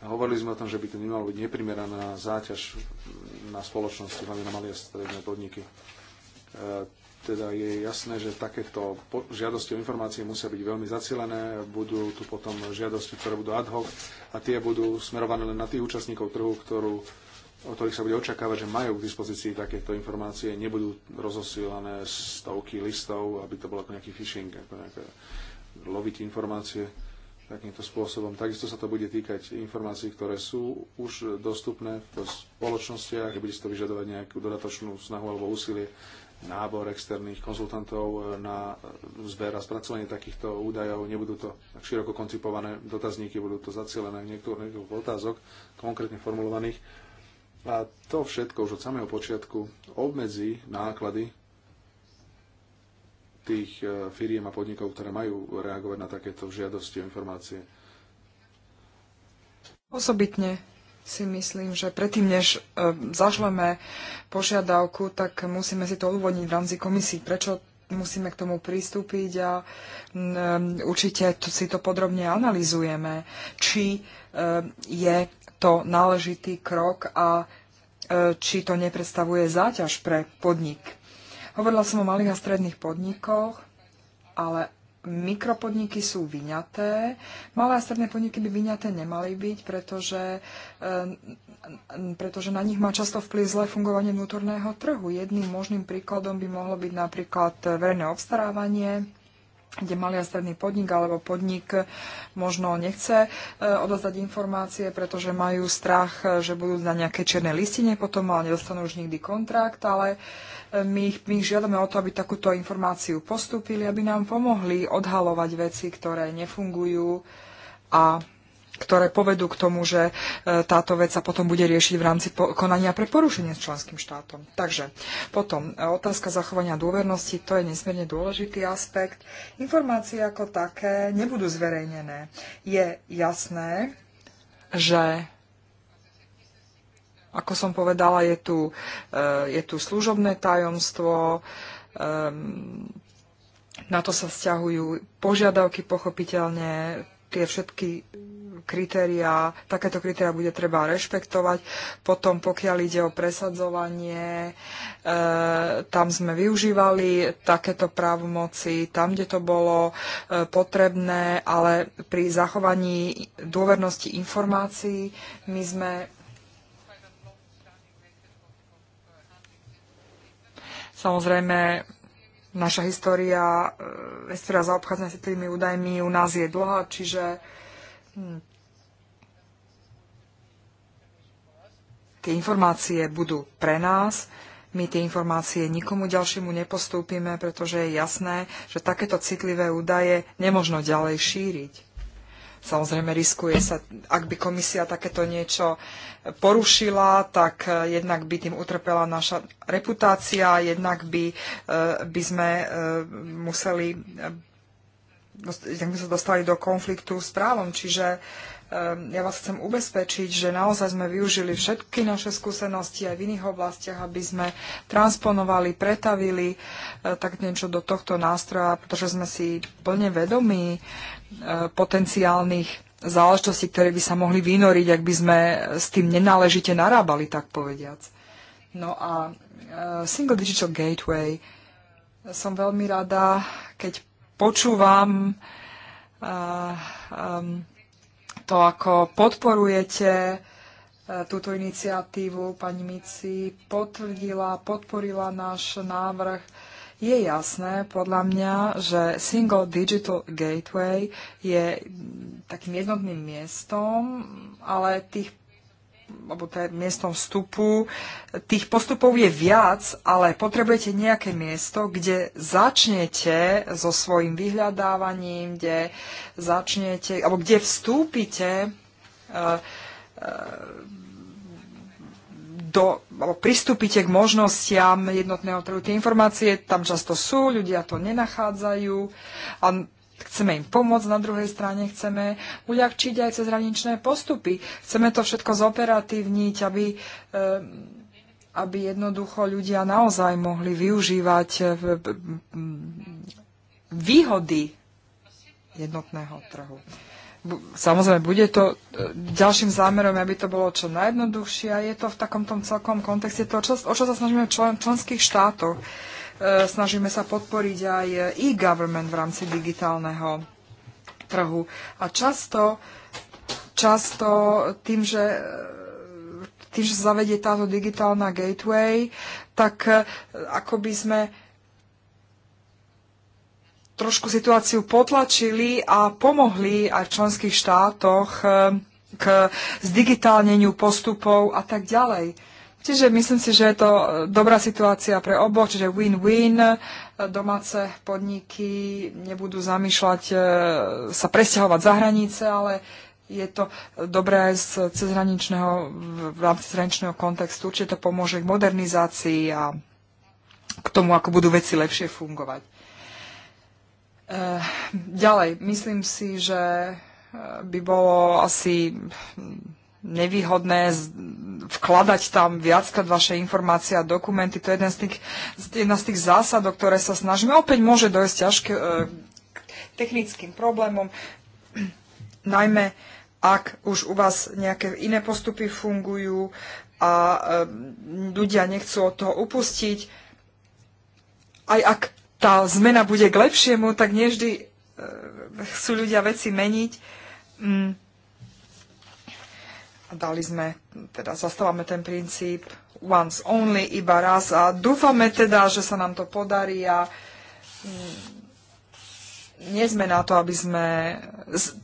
Hovorili sme o tom, že by to nemalo byť neprimeraná záťaž na spoločnosti, hlavne na malé a stredné podniky. E, teda je jasné, že takéto žiadosti o informácie musia byť veľmi zacielené, budú tu potom žiadosti, ktoré budú ad hoc a tie budú smerované len na tých účastníkov trhu, ktorú, o ktorých sa bude očakávať, že majú k dispozícii takéto informácie, nebudú rozosielané stovky listov, aby to bolo ako nejaký phishing, ako nejaké loviť informácie takýmto spôsobom. Takisto sa to bude týkať informácií, ktoré sú už dostupné v spoločnostiach, bude si to vyžadovať nejakú dodatočnú snahu alebo úsilie, nábor externých konzultantov na zber a spracovanie takýchto údajov. Nebudú to tak široko koncipované dotazníky, budú to zacielené niektorých otázok konkrétne formulovaných a to všetko už od samého počiatku obmedzí náklady tých e, firiem a podnikov, ktoré majú reagovať na takéto žiadosti o informácie. Osobitne si myslím, že predtým, než e, zašleme požiadavku, tak musíme si to odvodniť v rámci komisí. Prečo musíme k tomu pristúpiť a určite si to podrobne analizujeme, či e, je to náležitý krok a e, či to nepredstavuje záťaž pre podnik. Hovorila som o malých a stredných podnikoch, ale mikropodniky sú vyňaté. Malé a stredné podniky by vyňaté nemali byť, pretože, e, pretože na nich má často vplyv zlé fungovanie vnútorného trhu. Jedným možným príkladom by mohlo byť napríklad verejné obstarávanie, kde malý a stredný podnik alebo podnik možno nechce e, odozdať informácie, pretože majú strach, e, že budú na nejaké čierne listine potom, ale nedostanú už nikdy kontrakt, ale e, my ich, my ich žiadame o to, aby takúto informáciu postúpili, aby nám pomohli odhalovať veci, ktoré nefungujú a ktoré povedú k tomu, že e, táto vec sa potom bude riešiť v rámci konania pre porušenie s členským štátom. Takže potom e, otázka zachovania dôvernosti, to je nesmierne dôležitý aspekt. Informácie ako také nebudú zverejnené. Je jasné, že ako som povedala, je tu, e, je tu služobné tajomstvo, ehm, na to sa vzťahujú požiadavky, pochopiteľne tie všetky kritériá, takéto kritériá bude treba rešpektovať. Potom, pokiaľ ide o presadzovanie, e, tam sme využívali takéto právomoci, tam, kde to bolo e, potrebné, ale pri zachovaní dôvernosti informácií my sme Samozrejme, naša história, eh, história zaobchádzania s tými údajmi u nás je dlhá, čiže hm, Tie informácie budú pre nás, my tie informácie nikomu ďalšiemu nepostúpime, pretože je jasné, že takéto citlivé údaje nemožno ďalej šíriť. Samozrejme, riskuje sa, ak by komisia takéto niečo porušila, tak e, jednak by tým utrpela naša reputácia, jednak by, e, by sme e, museli, jednak by sa dostali do konfliktu s právom. Čiže Ehm, ja vás chcem ubezpečiť, že naozaj sme využili všetky naše skúsenosti aj v iných oblastiach, aby sme transponovali, pretavili e, tak niečo do tohto nástroja, pretože sme si plne vedomí e, potenciálnych záležitostí, ktoré by sa mohli vynoriť, ak by sme s tým nenáležite narábali, tak povediac. No a e, Single Digital Gateway som veľmi rada, keď počúvam uh, um, to, ako podporujete e, túto iniciatívu. Pani Mici potvrdila, podporila náš návrh. Je jasné, podľa mňa, že Single Digital Gateway je takým jednotným miestom, ale tých alebo to teda je miestom vstupu. Tých postupov je viac, ale potrebujete nejaké miesto, kde začnete so svojim vyhľadávaním, kde začnete, alebo kde vstúpite e, e, do, alebo pristúpite k možnostiam jednotného trhu. Tie informácie tam často sú, ľudia to nenachádzajú a Chceme im pomôcť, na druhej strane chceme uľahčiť aj cez hraničné postupy. Chceme to všetko zoperatívniť, aby, eh, aby jednoducho ľudia naozaj mohli využívať eh, výhody jednotného trhu. Samozrejme, bude to eh, ďalším zámerom, aby to bolo čo najjednoduchšie a je to v takomto celkom kontexte toho, čo, o čo sa snažíme v člen, členských štátoch E, snažíme sa podporiť aj e-government v rámci digitálneho trhu. A často, často tým, že e, tým, že sa zavedie táto digitálna gateway, tak e, ako by sme trošku situáciu potlačili a pomohli aj v členských štátoch k zdigitálneniu postupov a tak ďalej. Čiže myslím si, že je to dobrá situácia pre oboch, čiže win-win. Domáce podniky nebudú zamýšľať e, sa presťahovať za hranice, ale je to dobré aj z cezhraničného, v rámci cezhraničného kontextu. Určite to pomôže k modernizácii a k tomu, ako budú veci lepšie fungovať. E, ďalej, myslím si, že e, by bolo asi nevýhodné vkladať tam viackrát vaše informácie a dokumenty. To je jeden z tých, jedna z tých zásad, o ktoré sa snažíme. Opäť môže dojsť ťažké, e, k technickým problémom, <clears throat> najmä ak už u vás nejaké iné postupy fungujú a e, ľudia nechcú od toho upustiť. Aj ak tá zmena bude k lepšiemu, tak nevždy vždy e, chcú ľudia veci meniť. Mm dali sme, teda zastávame ten princíp once only, iba raz a dúfame teda, že sa nám to podarí a mm, nie sme na to, aby sme,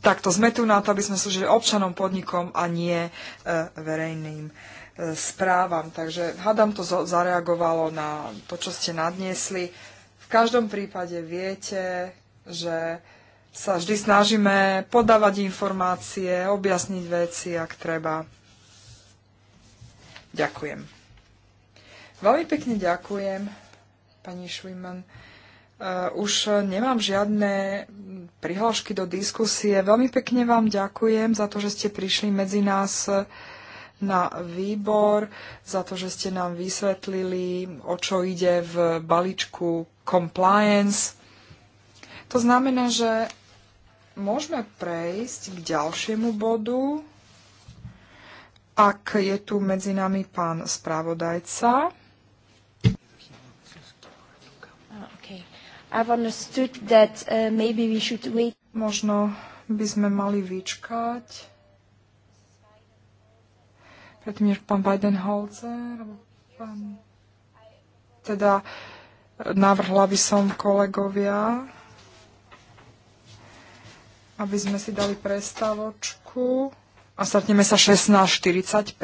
takto sme tu na to, aby sme slúžili občanom, podnikom a nie e, verejným e, správam. Takže hádam to zareagovalo na to, čo ste nadniesli. V každom prípade viete, že sa vždy snažíme podávať informácie, objasniť veci, ak treba. Ďakujem. Veľmi pekne ďakujem, pani Schwimann. E, už nemám žiadne prihlášky do diskusie. Veľmi pekne vám ďakujem za to, že ste prišli medzi nás na výbor, za to, že ste nám vysvetlili, o čo ide v balíčku compliance. To znamená, že môžeme prejsť k ďalšiemu bodu. Ak je tu medzi nami pán spravodajca. Uh, Možno by sme mali vyčkať. Predtým, než pán Weidenholzer, pán... teda eh, navrhla by som kolegovia, aby sme si dali prestávočku a stretneme sa 16.45.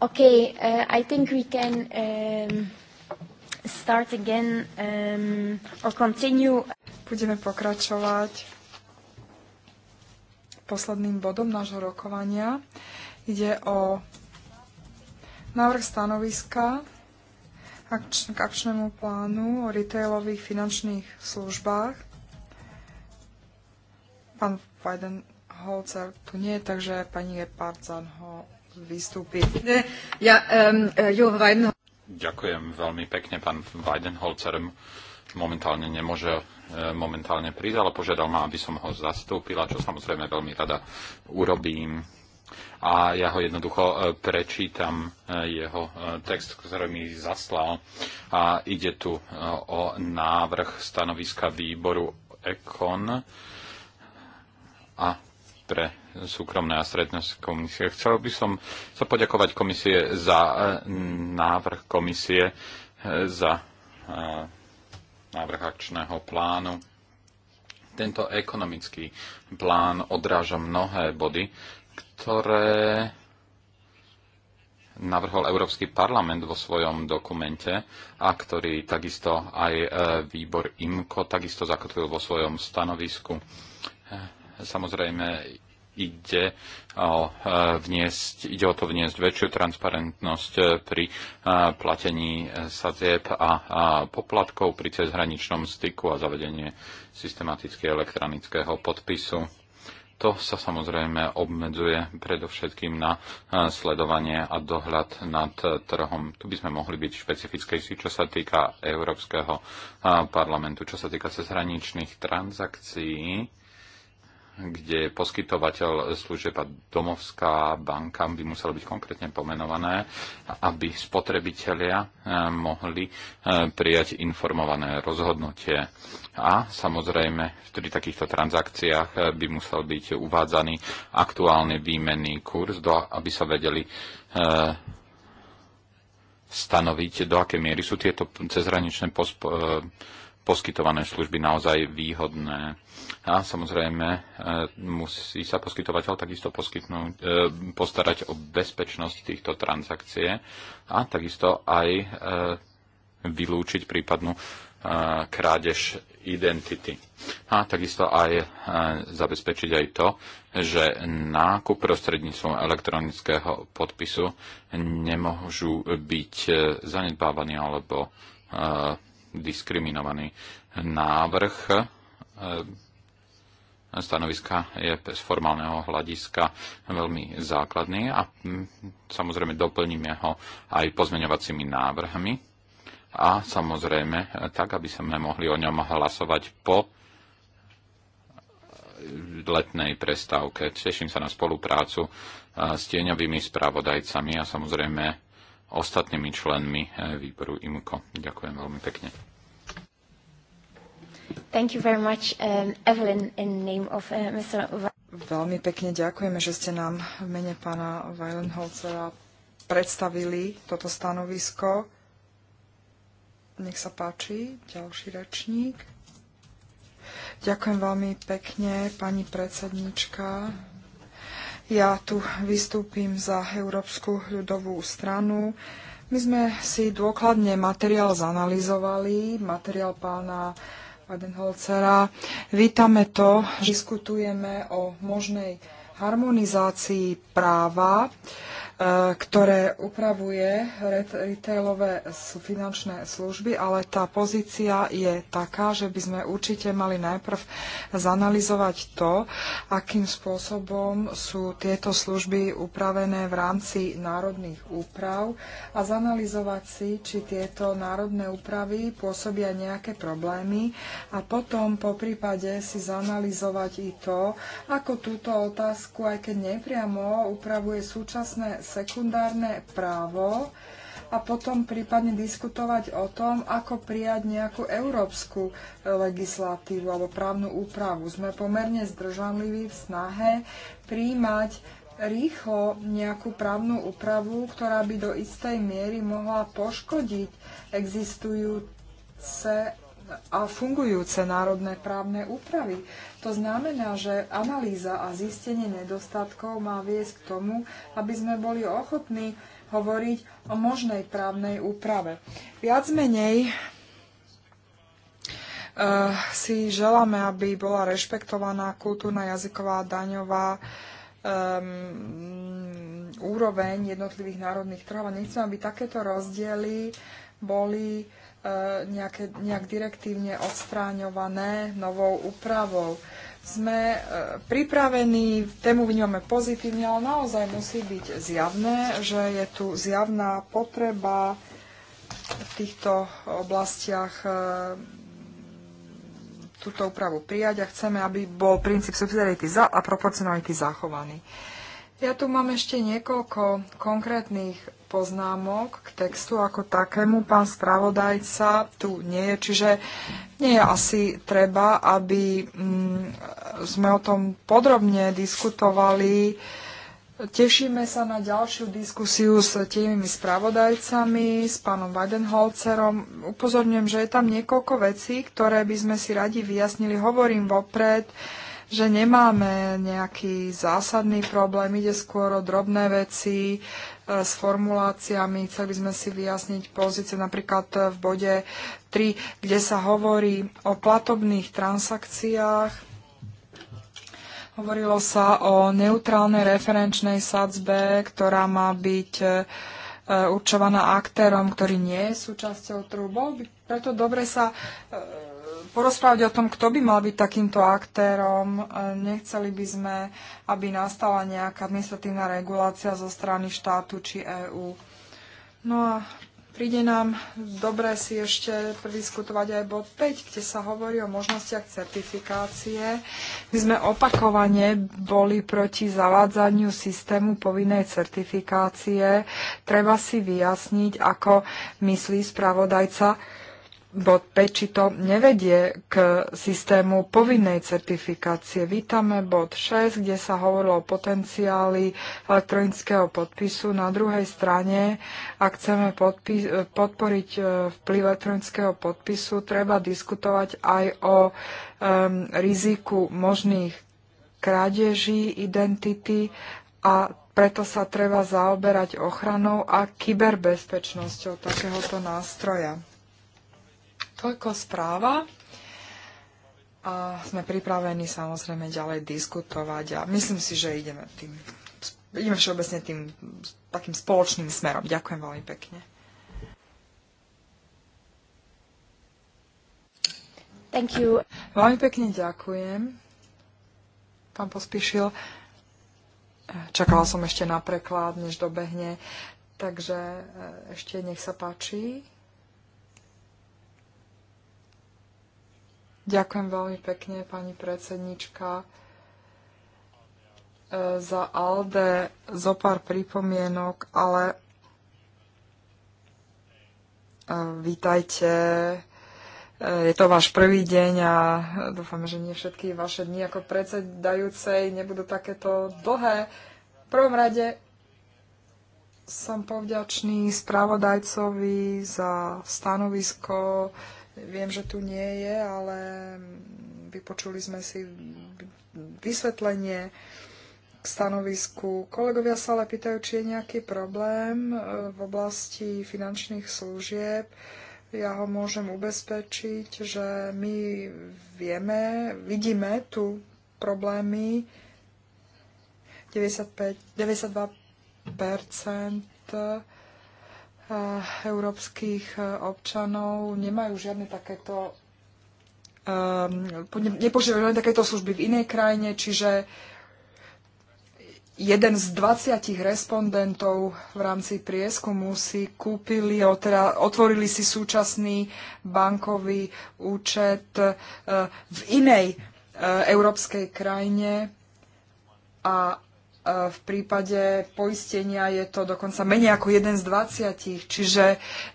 Okay, uh, I think we can um, start again um, or continue. Budeme pokračovať posledným bodom nášho rokovania. Ide o návrh stanoviska k akčnému plánu o retailových finančných službách. Pán Weidenholzer tu nie, takže pani Gepard ho vystúpiť. Ja, um, Weiden... Ďakujem veľmi pekne, pán Weidenholzer momentálne nemôže eh, momentálne prísť, ale požiadal ma, aby som ho zastúpila, čo samozrejme veľmi rada urobím. A ja ho jednoducho eh, prečítam jeho text, ktorý mi zaslal. A ide tu o návrh stanoviska výboru EKON a pre súkromné a stretné komisie. Chcel by som sa poďakovať komisie za e, návrh komisie, e, za e, návrh akčného plánu. Tento ekonomický plán odráža mnohé body, ktoré navrhol Európsky parlament vo svojom dokumente a ktorý takisto aj výbor IMCO takisto zakotvil vo svojom stanovisku. Samozrejme, ide o, e, vniesť, ide o to vniesť väčšiu transparentnosť e, pri e, platení sadzieb a poplatkov pri cezhraničnom styku a zavedenie systematicky elektronického podpisu. To sa samozrejme obmedzuje predovšetkým na sledovanie a dohľad nad trhom. Tu by sme mohli byť špecifickejší, čo sa týka Európskeho parlamentu, čo sa týka cezhraničných transakcií kde poskytovateľ služieb a domovská banka by musela byť konkrétne pomenované, aby spotrebitelia eh, mohli eh, prijať informované rozhodnutie. A samozrejme, v tri takýchto transakciách eh, by musel byť uvádzaný aktuálny výmenný kurz, aby sa vedeli stanoviť, do akej miery sú tieto cezhraničné pospo- poskytované služby naozaj výhodné. A samozrejme e, musí sa poskytovateľ takisto poskytnúť, e, postarať o bezpečnosť týchto transakcie a takisto aj e, vylúčiť prípadnú krádež identity. A takisto aj zabezpečiť aj to, že nákup prostredníctvom elektronického podpisu nemôžu byť zanedbávaní alebo diskriminovaný. Návrh e, stanoviska je z formálneho hľadiska veľmi základný a samozrejme doplníme ho aj pozmeňovacími návrhmi a samozrejme tak, aby sme mohli o ňom hlasovať po e, letnej prestávke. Teším sa na spoluprácu e, s tieňovými spravodajcami a samozrejme ostatnými členmi eh, výboru IMCO. Ďakujem veľmi pekne. Thank you very much, um, Evelyn, in name of uh, Mr. Veľmi pekne ďakujeme, že ste nám v mene pána Weilenholzera predstavili toto stanovisko. Nech sa páči, ďalší rečník. Ďakujem veľmi pekne, pani predsednička. Ja tu vystúpim za Európsku ľudovú stranu. My sme si dôkladne materiál zanalizovali, materiál pána Badenholcera. Vítame to, že diskutujeme o možnej harmonizácii práva E, ktoré upravuje retailové finančné služby, ale tá pozícia je taká, že by sme určite mali najprv zanalizovať to, akým spôsobom sú tieto služby upravené v rámci národných úprav a zanalizovať si, či tieto národné úpravy pôsobia nejaké problémy a potom po prípade si zanalizovať i to, ako túto otázku, aj keď nepriamo upravuje súčasné sekundárne právo a potom prípadne diskutovať o tom, ako prijať nejakú európsku legislatívu alebo právnu úpravu. Sme pomerne zdržanliví v snahe príjmať rýchlo nejakú právnu úpravu, ktorá by do istej miery mohla poškodiť existujúce a fungujúce národné právne úpravy. To znamená, že analýza a zistenie nedostatkov má viesť k tomu, aby sme boli ochotní hovoriť o možnej právnej úprave. Viac menej Uh, si želáme, aby bola rešpektovaná kultúrna, jazyková, daňová um, úroveň jednotlivých národných trhov. A nechcem, aby takéto rozdiely boli E, nejaké, nejak direktívne odstráňované novou úpravou. Sme e, pripravení, tému vnímame pozitívne, ale naozaj musí byť zjavné, že je tu zjavná potreba v týchto oblastiach e, túto úpravu prijať a chceme, aby bol princíp subsidiarity a proporcionality zachovaný. Ja tu mám ešte niekoľko konkrétnych poznámok k textu ako takému. Pán spravodajca tu nie je, čiže nie je asi treba, aby mm, sme o tom podrobne diskutovali. Tešíme sa na ďalšiu diskusiu s tými spravodajcami, s pánom Weidenholcerom. Upozorňujem, že je tam niekoľko vecí, ktoré by sme si radi vyjasnili. Hovorím vopred, že nemáme nejaký zásadný problém, ide skôr o drobné veci, E, s formuláciami. Chceli by sme si vyjasniť pozície napríklad v bode 3, kde sa hovorí o platobných transakciách. Hovorilo sa o neutrálnej referenčnej sadzbe, ktorá má byť e, určovaná aktérom, ktorý nie je súčasťou trhu. Bolo by preto dobre sa e, porozprávať o tom, kto by mal byť takýmto aktérom. E, nechceli by sme, aby nastala nejaká administratívna regulácia zo strany štátu či EÚ. No a príde nám dobre si ešte prediskutovať aj bod 5, kde sa hovorí o možnostiach certifikácie. My sme opakovane boli proti zavádzaniu systému povinnej certifikácie. Treba si vyjasniť, ako myslí spravodajca bod 5, či to nevedie k systému povinnej certifikácie. Vítame bod 6, kde sa hovorilo o potenciáli elektronického podpisu. Na druhej strane, ak chceme podporiť e, vplyv elektronického podpisu, treba diskutovať aj o um, riziku možných krádeží identity a preto sa treba zaoberať ochranou a kyberbezpečnosťou takéhoto nástroja. Toľko správa a sme pripravení samozrejme ďalej diskutovať a myslím si, že ideme tým, ideme všeobecne tým takým spoločným smerom. Ďakujem veľmi pekne. Thank you. Veľmi pekne ďakujem. Pán pospíšil. Eh, čakala som ešte na preklad, než dobehne. Takže eh, ešte nech sa páči. Ďakujem veľmi pekne, pani predsednička. E, za ALDE zo pár pripomienok, ale e, vítajte. E, je to váš prvý deň a dúfam, že nie všetky vaše dni ako predsedajúcej nebudú takéto dlhé. V prvom rade som povďačný spravodajcovi za stanovisko, Viem, že tu nie je, ale vypočuli sme si vysvetlenie k stanovisku. Kolegovia sa ale pýtajú, či je nejaký problém e, v oblasti finančných služieb. Ja ho môžem ubezpečiť, že my vieme, vidíme tu problémy. 95, 92% Eh, európskych eh, občanov nemajú žiadne takéto ehm, nepožívajú takéto služby v inej krajine, čiže jeden z 20 respondentov v rámci prieskumu si kúpili, teda otvorili si súčasný bankový účet eh, v inej európskej krajine a E, v prípade poistenia je to dokonca menej ako jeden z 20, čiže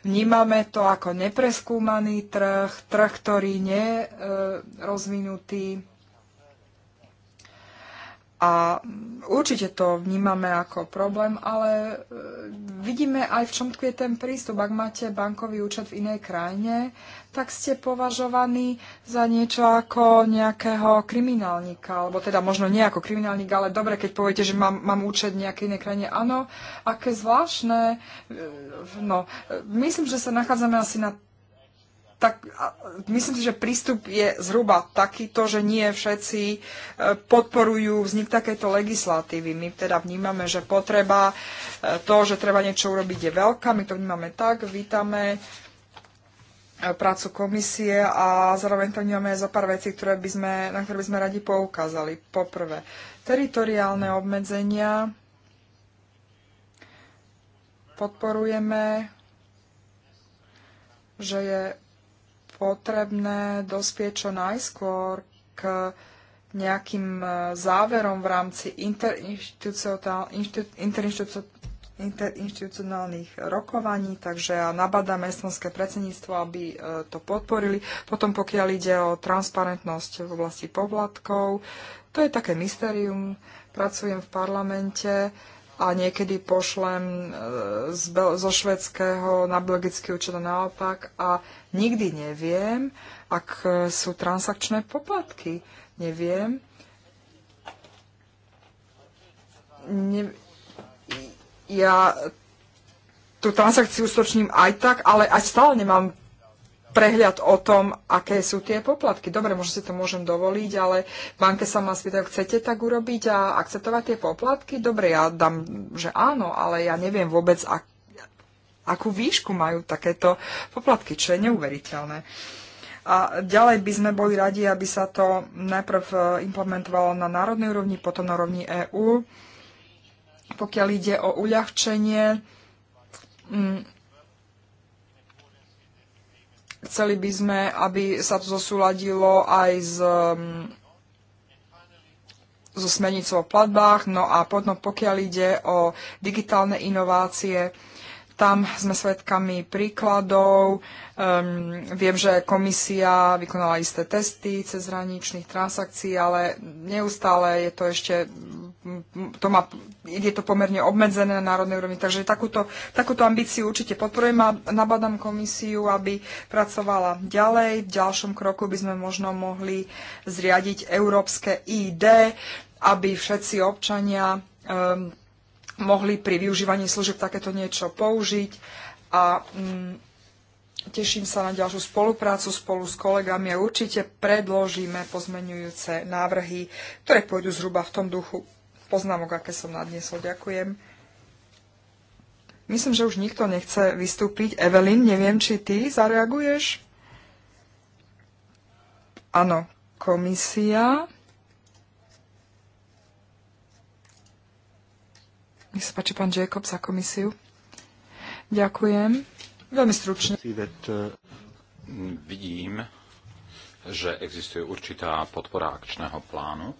vnímame to ako nepreskúmaný trh, trh, ktorý nie je rozvinutý. A určite to vnímame ako problém, ale e, vidíme aj v čom tkvie ten prístup. Ak máte bankový účet v inej krajine, tak ste považovaní za niečo ako nejakého kriminálnika, alebo teda možno nie ako kriminálnik, ale dobre, keď poviete, že mám, mám účet v nejakej inej krajine. Áno, aké zvláštne. E, no, e, myslím, že sa nachádzame asi na tak myslím si, že prístup je zhruba takýto, že nie všetci e, podporujú vznik takéto legislatívy. My teda vnímame, že potreba e, to, že treba niečo urobiť je veľká, my to vnímame tak, vítame e, prácu komisie a zároveň to máme za pár vecí, ktoré by sme, na ktoré by sme radi poukázali. Poprvé, teritoriálne obmedzenia podporujeme, že je potrebné dospieť čo najskôr k nejakým e, záverom v rámci interinstitucionálnych rokovaní, takže ja nabadáme estonské predsedníctvo, aby e, to podporili. Potom pokiaľ ide o transparentnosť v oblasti povlatkov, to je také mysterium, pracujem v parlamente, a niekedy pošlem e, z, zo švedského na belgický účet a naopak a nikdy neviem, ak sú transakčné poplatky. Neviem. Ne, ja tú transakciu stočním aj tak, ale aj stále nemám prehľad o tom, aké sú tie poplatky. Dobre, možno si to môžem dovoliť, ale v banke sa ma spýtajú, chcete tak urobiť a akceptovať tie poplatky? Dobre, ja dám, že áno, ale ja neviem vôbec, ak, akú výšku majú takéto poplatky, čo je neuveriteľné. A ďalej by sme boli radi, aby sa to najprv e, implementovalo na národnej úrovni, potom na úrovni EÚ. Pokiaľ ide o uľahčenie, mm, Chceli by sme, aby sa to zosúladilo aj s um, so smernicou o platbách. No a potom, pokiaľ ide o digitálne inovácie, tam sme svedkami príkladov. Um, viem, že komisia vykonala isté testy cez hraničných transakcií, ale neustále je to ešte to má, je to pomerne obmedzené na národnej úrovni. Takže takúto, takúto ambíciu určite podporujem a nabadám komisiu, aby pracovala ďalej. V ďalšom kroku by sme možno mohli zriadiť európske ID, aby všetci občania um, mohli pri využívaní služieb takéto niečo použiť a mm, teším sa na ďalšiu spoluprácu spolu s kolegami a určite predložíme pozmenujúce návrhy, ktoré pôjdu zhruba v tom duchu poznámok, aké som nadniesol. Ďakujem. Myslím, že už nikto nechce vystúpiť. Evelyn, neviem, či ty zareaguješ? Áno, komisia. Nech sa páči pán Jacob za komisiu. Ďakujem. Veľmi stručne. Vidím, že existuje určitá podpora akčného plánu.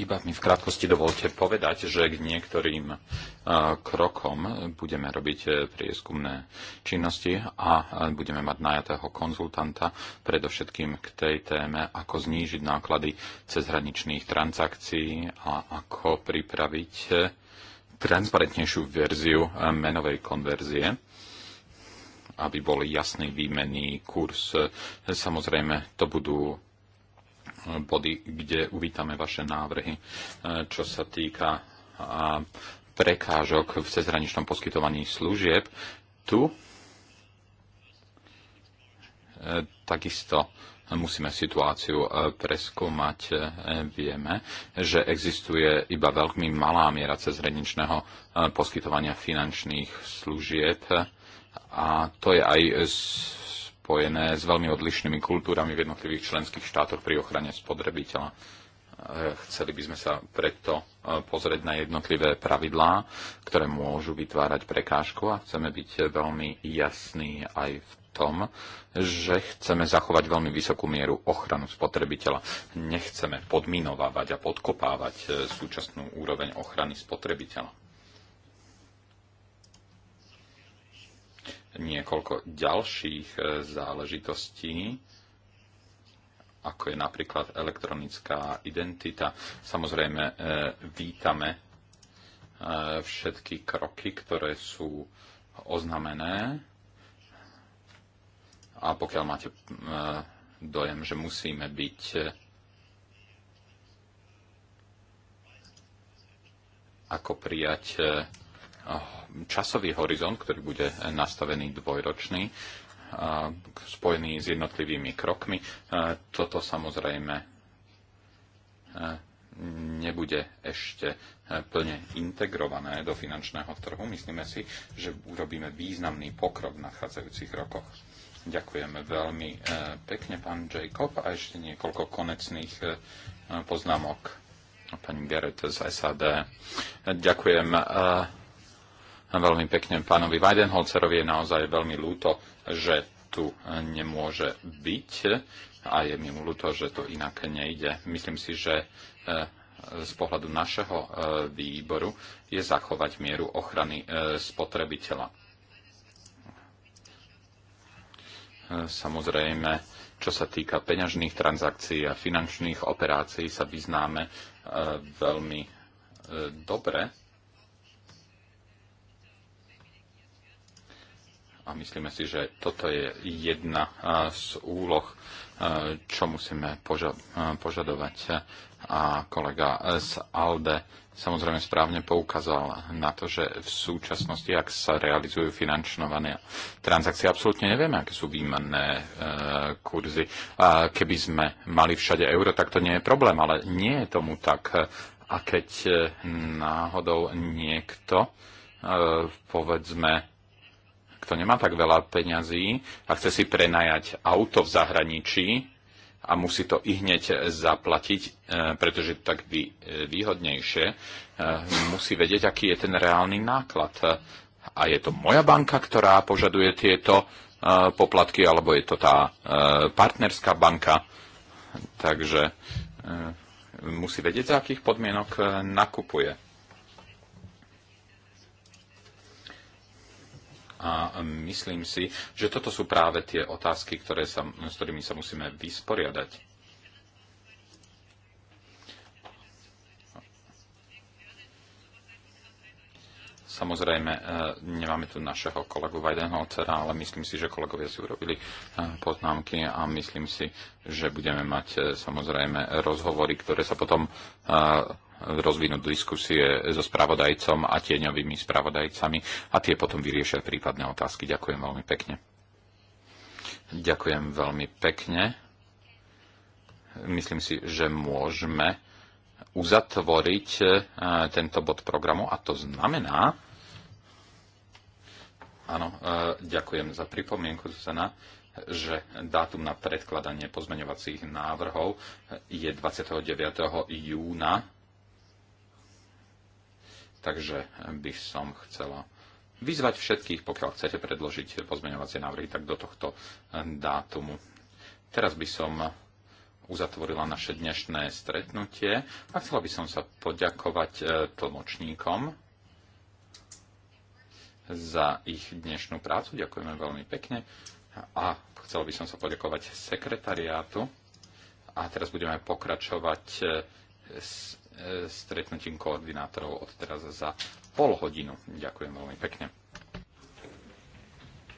Iba mi v krátkosti dovolte povedať, že k niektorým e, krokom budeme robiť e, prieskumné činnosti a e, budeme mať najatého konzultanta predovšetkým k tej téme, ako znížiť náklady cezhraničných transakcií a ako pripraviť transparentnejšiu verziu eh, menovej konverzie, aby bol jasný výmenný kurz. Samozrejme, to budú eh, body, kde uvítame vaše návrhy, eh, čo sa týka prekážok v cezhraničnom poskytovaní služieb. Tu takisto musíme situáciu e, preskúmať. E, vieme, že existuje iba veľmi malá miera cezhraničného e, poskytovania finančných služieb a to je aj spojené s veľmi odlišnými kultúrami v jednotlivých členských štátoch pri ochrane spotrebiteľa. Chceli by sme sa preto pozrieť na jednotlivé pravidlá, ktoré môžu vytvárať prekážku a chceme byť veľmi jasní aj v tom, že chceme zachovať veľmi vysokú mieru ochranu spotrebiteľa. Nechceme podminovávať a podkopávať e, súčasnú úroveň ochrany spotrebiteľa. Niekoľko ďalších e, záležitostí, ako je napríklad elektronická identita. Samozrejme, e, vítame všetky kroky, ktoré sú oznamené a pokiaľ máte e, dojem, že musíme byť e, ako prijať e, časový horizont, ktorý bude nastavený dvojročný, spojený s jednotlivými krokmi. Toto samozrejme nebude ešte plne integrované do finančného trhu. Myslíme si, že urobíme významný pokrok v nachádzajúcich rokoch. Ďakujeme veľmi e, pekne, pán Jacob. A ešte niekoľko konecných e, poznámok pani Geret z SAD. Ďakujem e, veľmi pekne pánovi Weidenholcerovi. Je naozaj veľmi ľúto, že tu nemôže byť a je mi ľúto, že to inak nejde. Myslím si, že z pohľadu našeho výboru je zachovať mieru ochrany spotrebiteľa Samozrejme, čo sa týka peňažných transakcií a finančných operácií, sa vyznáme e, veľmi e, dobre. A myslíme si, že toto je jedna e, z úloh, čo musíme požadovať a kolega z ALDE samozrejme správne poukázal na to, že v súčasnosti, ak sa realizujú finančnované transakcie, absolútne nevieme, aké sú výmenné e, kurzy. A keby sme mali všade euro, tak to nie je problém, ale nie je tomu tak. A keď e, náhodou niekto, e, povedzme, kto nemá tak veľa peňazí a chce si prenajať auto v zahraničí, a musí to i hneď e, zaplatiť, e, pretože tak by e, výhodnejšie musí vedieť, aký je ten reálny náklad. A je to moja banka, ktorá požaduje tieto poplatky, alebo je to tá partnerská banka. Takže musí vedieť, za akých podmienok nakupuje. A myslím si, že toto sú práve tie otázky, ktoré sa, s ktorými sa musíme vysporiadať. Samozrejme, e, nemáme tu našeho kolegu Weidenholzera, ale myslím si, že kolegovia si urobili e, poznámky a myslím si, že budeme mať e, samozrejme rozhovory, ktoré sa potom rozvinúť diskusie so spravodajcom a tieňovými spravodajcami a tie potom vyriešia prípadné otázky. Ďakujem veľmi pekne. Ďakujem veľmi pekne. Myslím si, že môžeme uzatvoriť e, tento bod programu a to znamená, Áno, e, ďakujem za pripomienku, Zuzana, že dátum na predkladanie pozmeňovacích návrhov je 29. júna Takže by som chcela vyzvať všetkých, pokiaľ chcete predložiť pozmeňovacie návrhy, tak do tohto dátumu. Teraz by som uzatvorila naše dnešné stretnutie a chcela by som sa poďakovať e, tlmočníkom za ich dnešnú prácu. Ďakujeme veľmi pekne. A chcel by som sa poďakovať sekretariátu. A teraz budeme pokračovať e, s stretnutím koordinátorov od teraz za pol hodinu. Ďakujem veľmi pekne.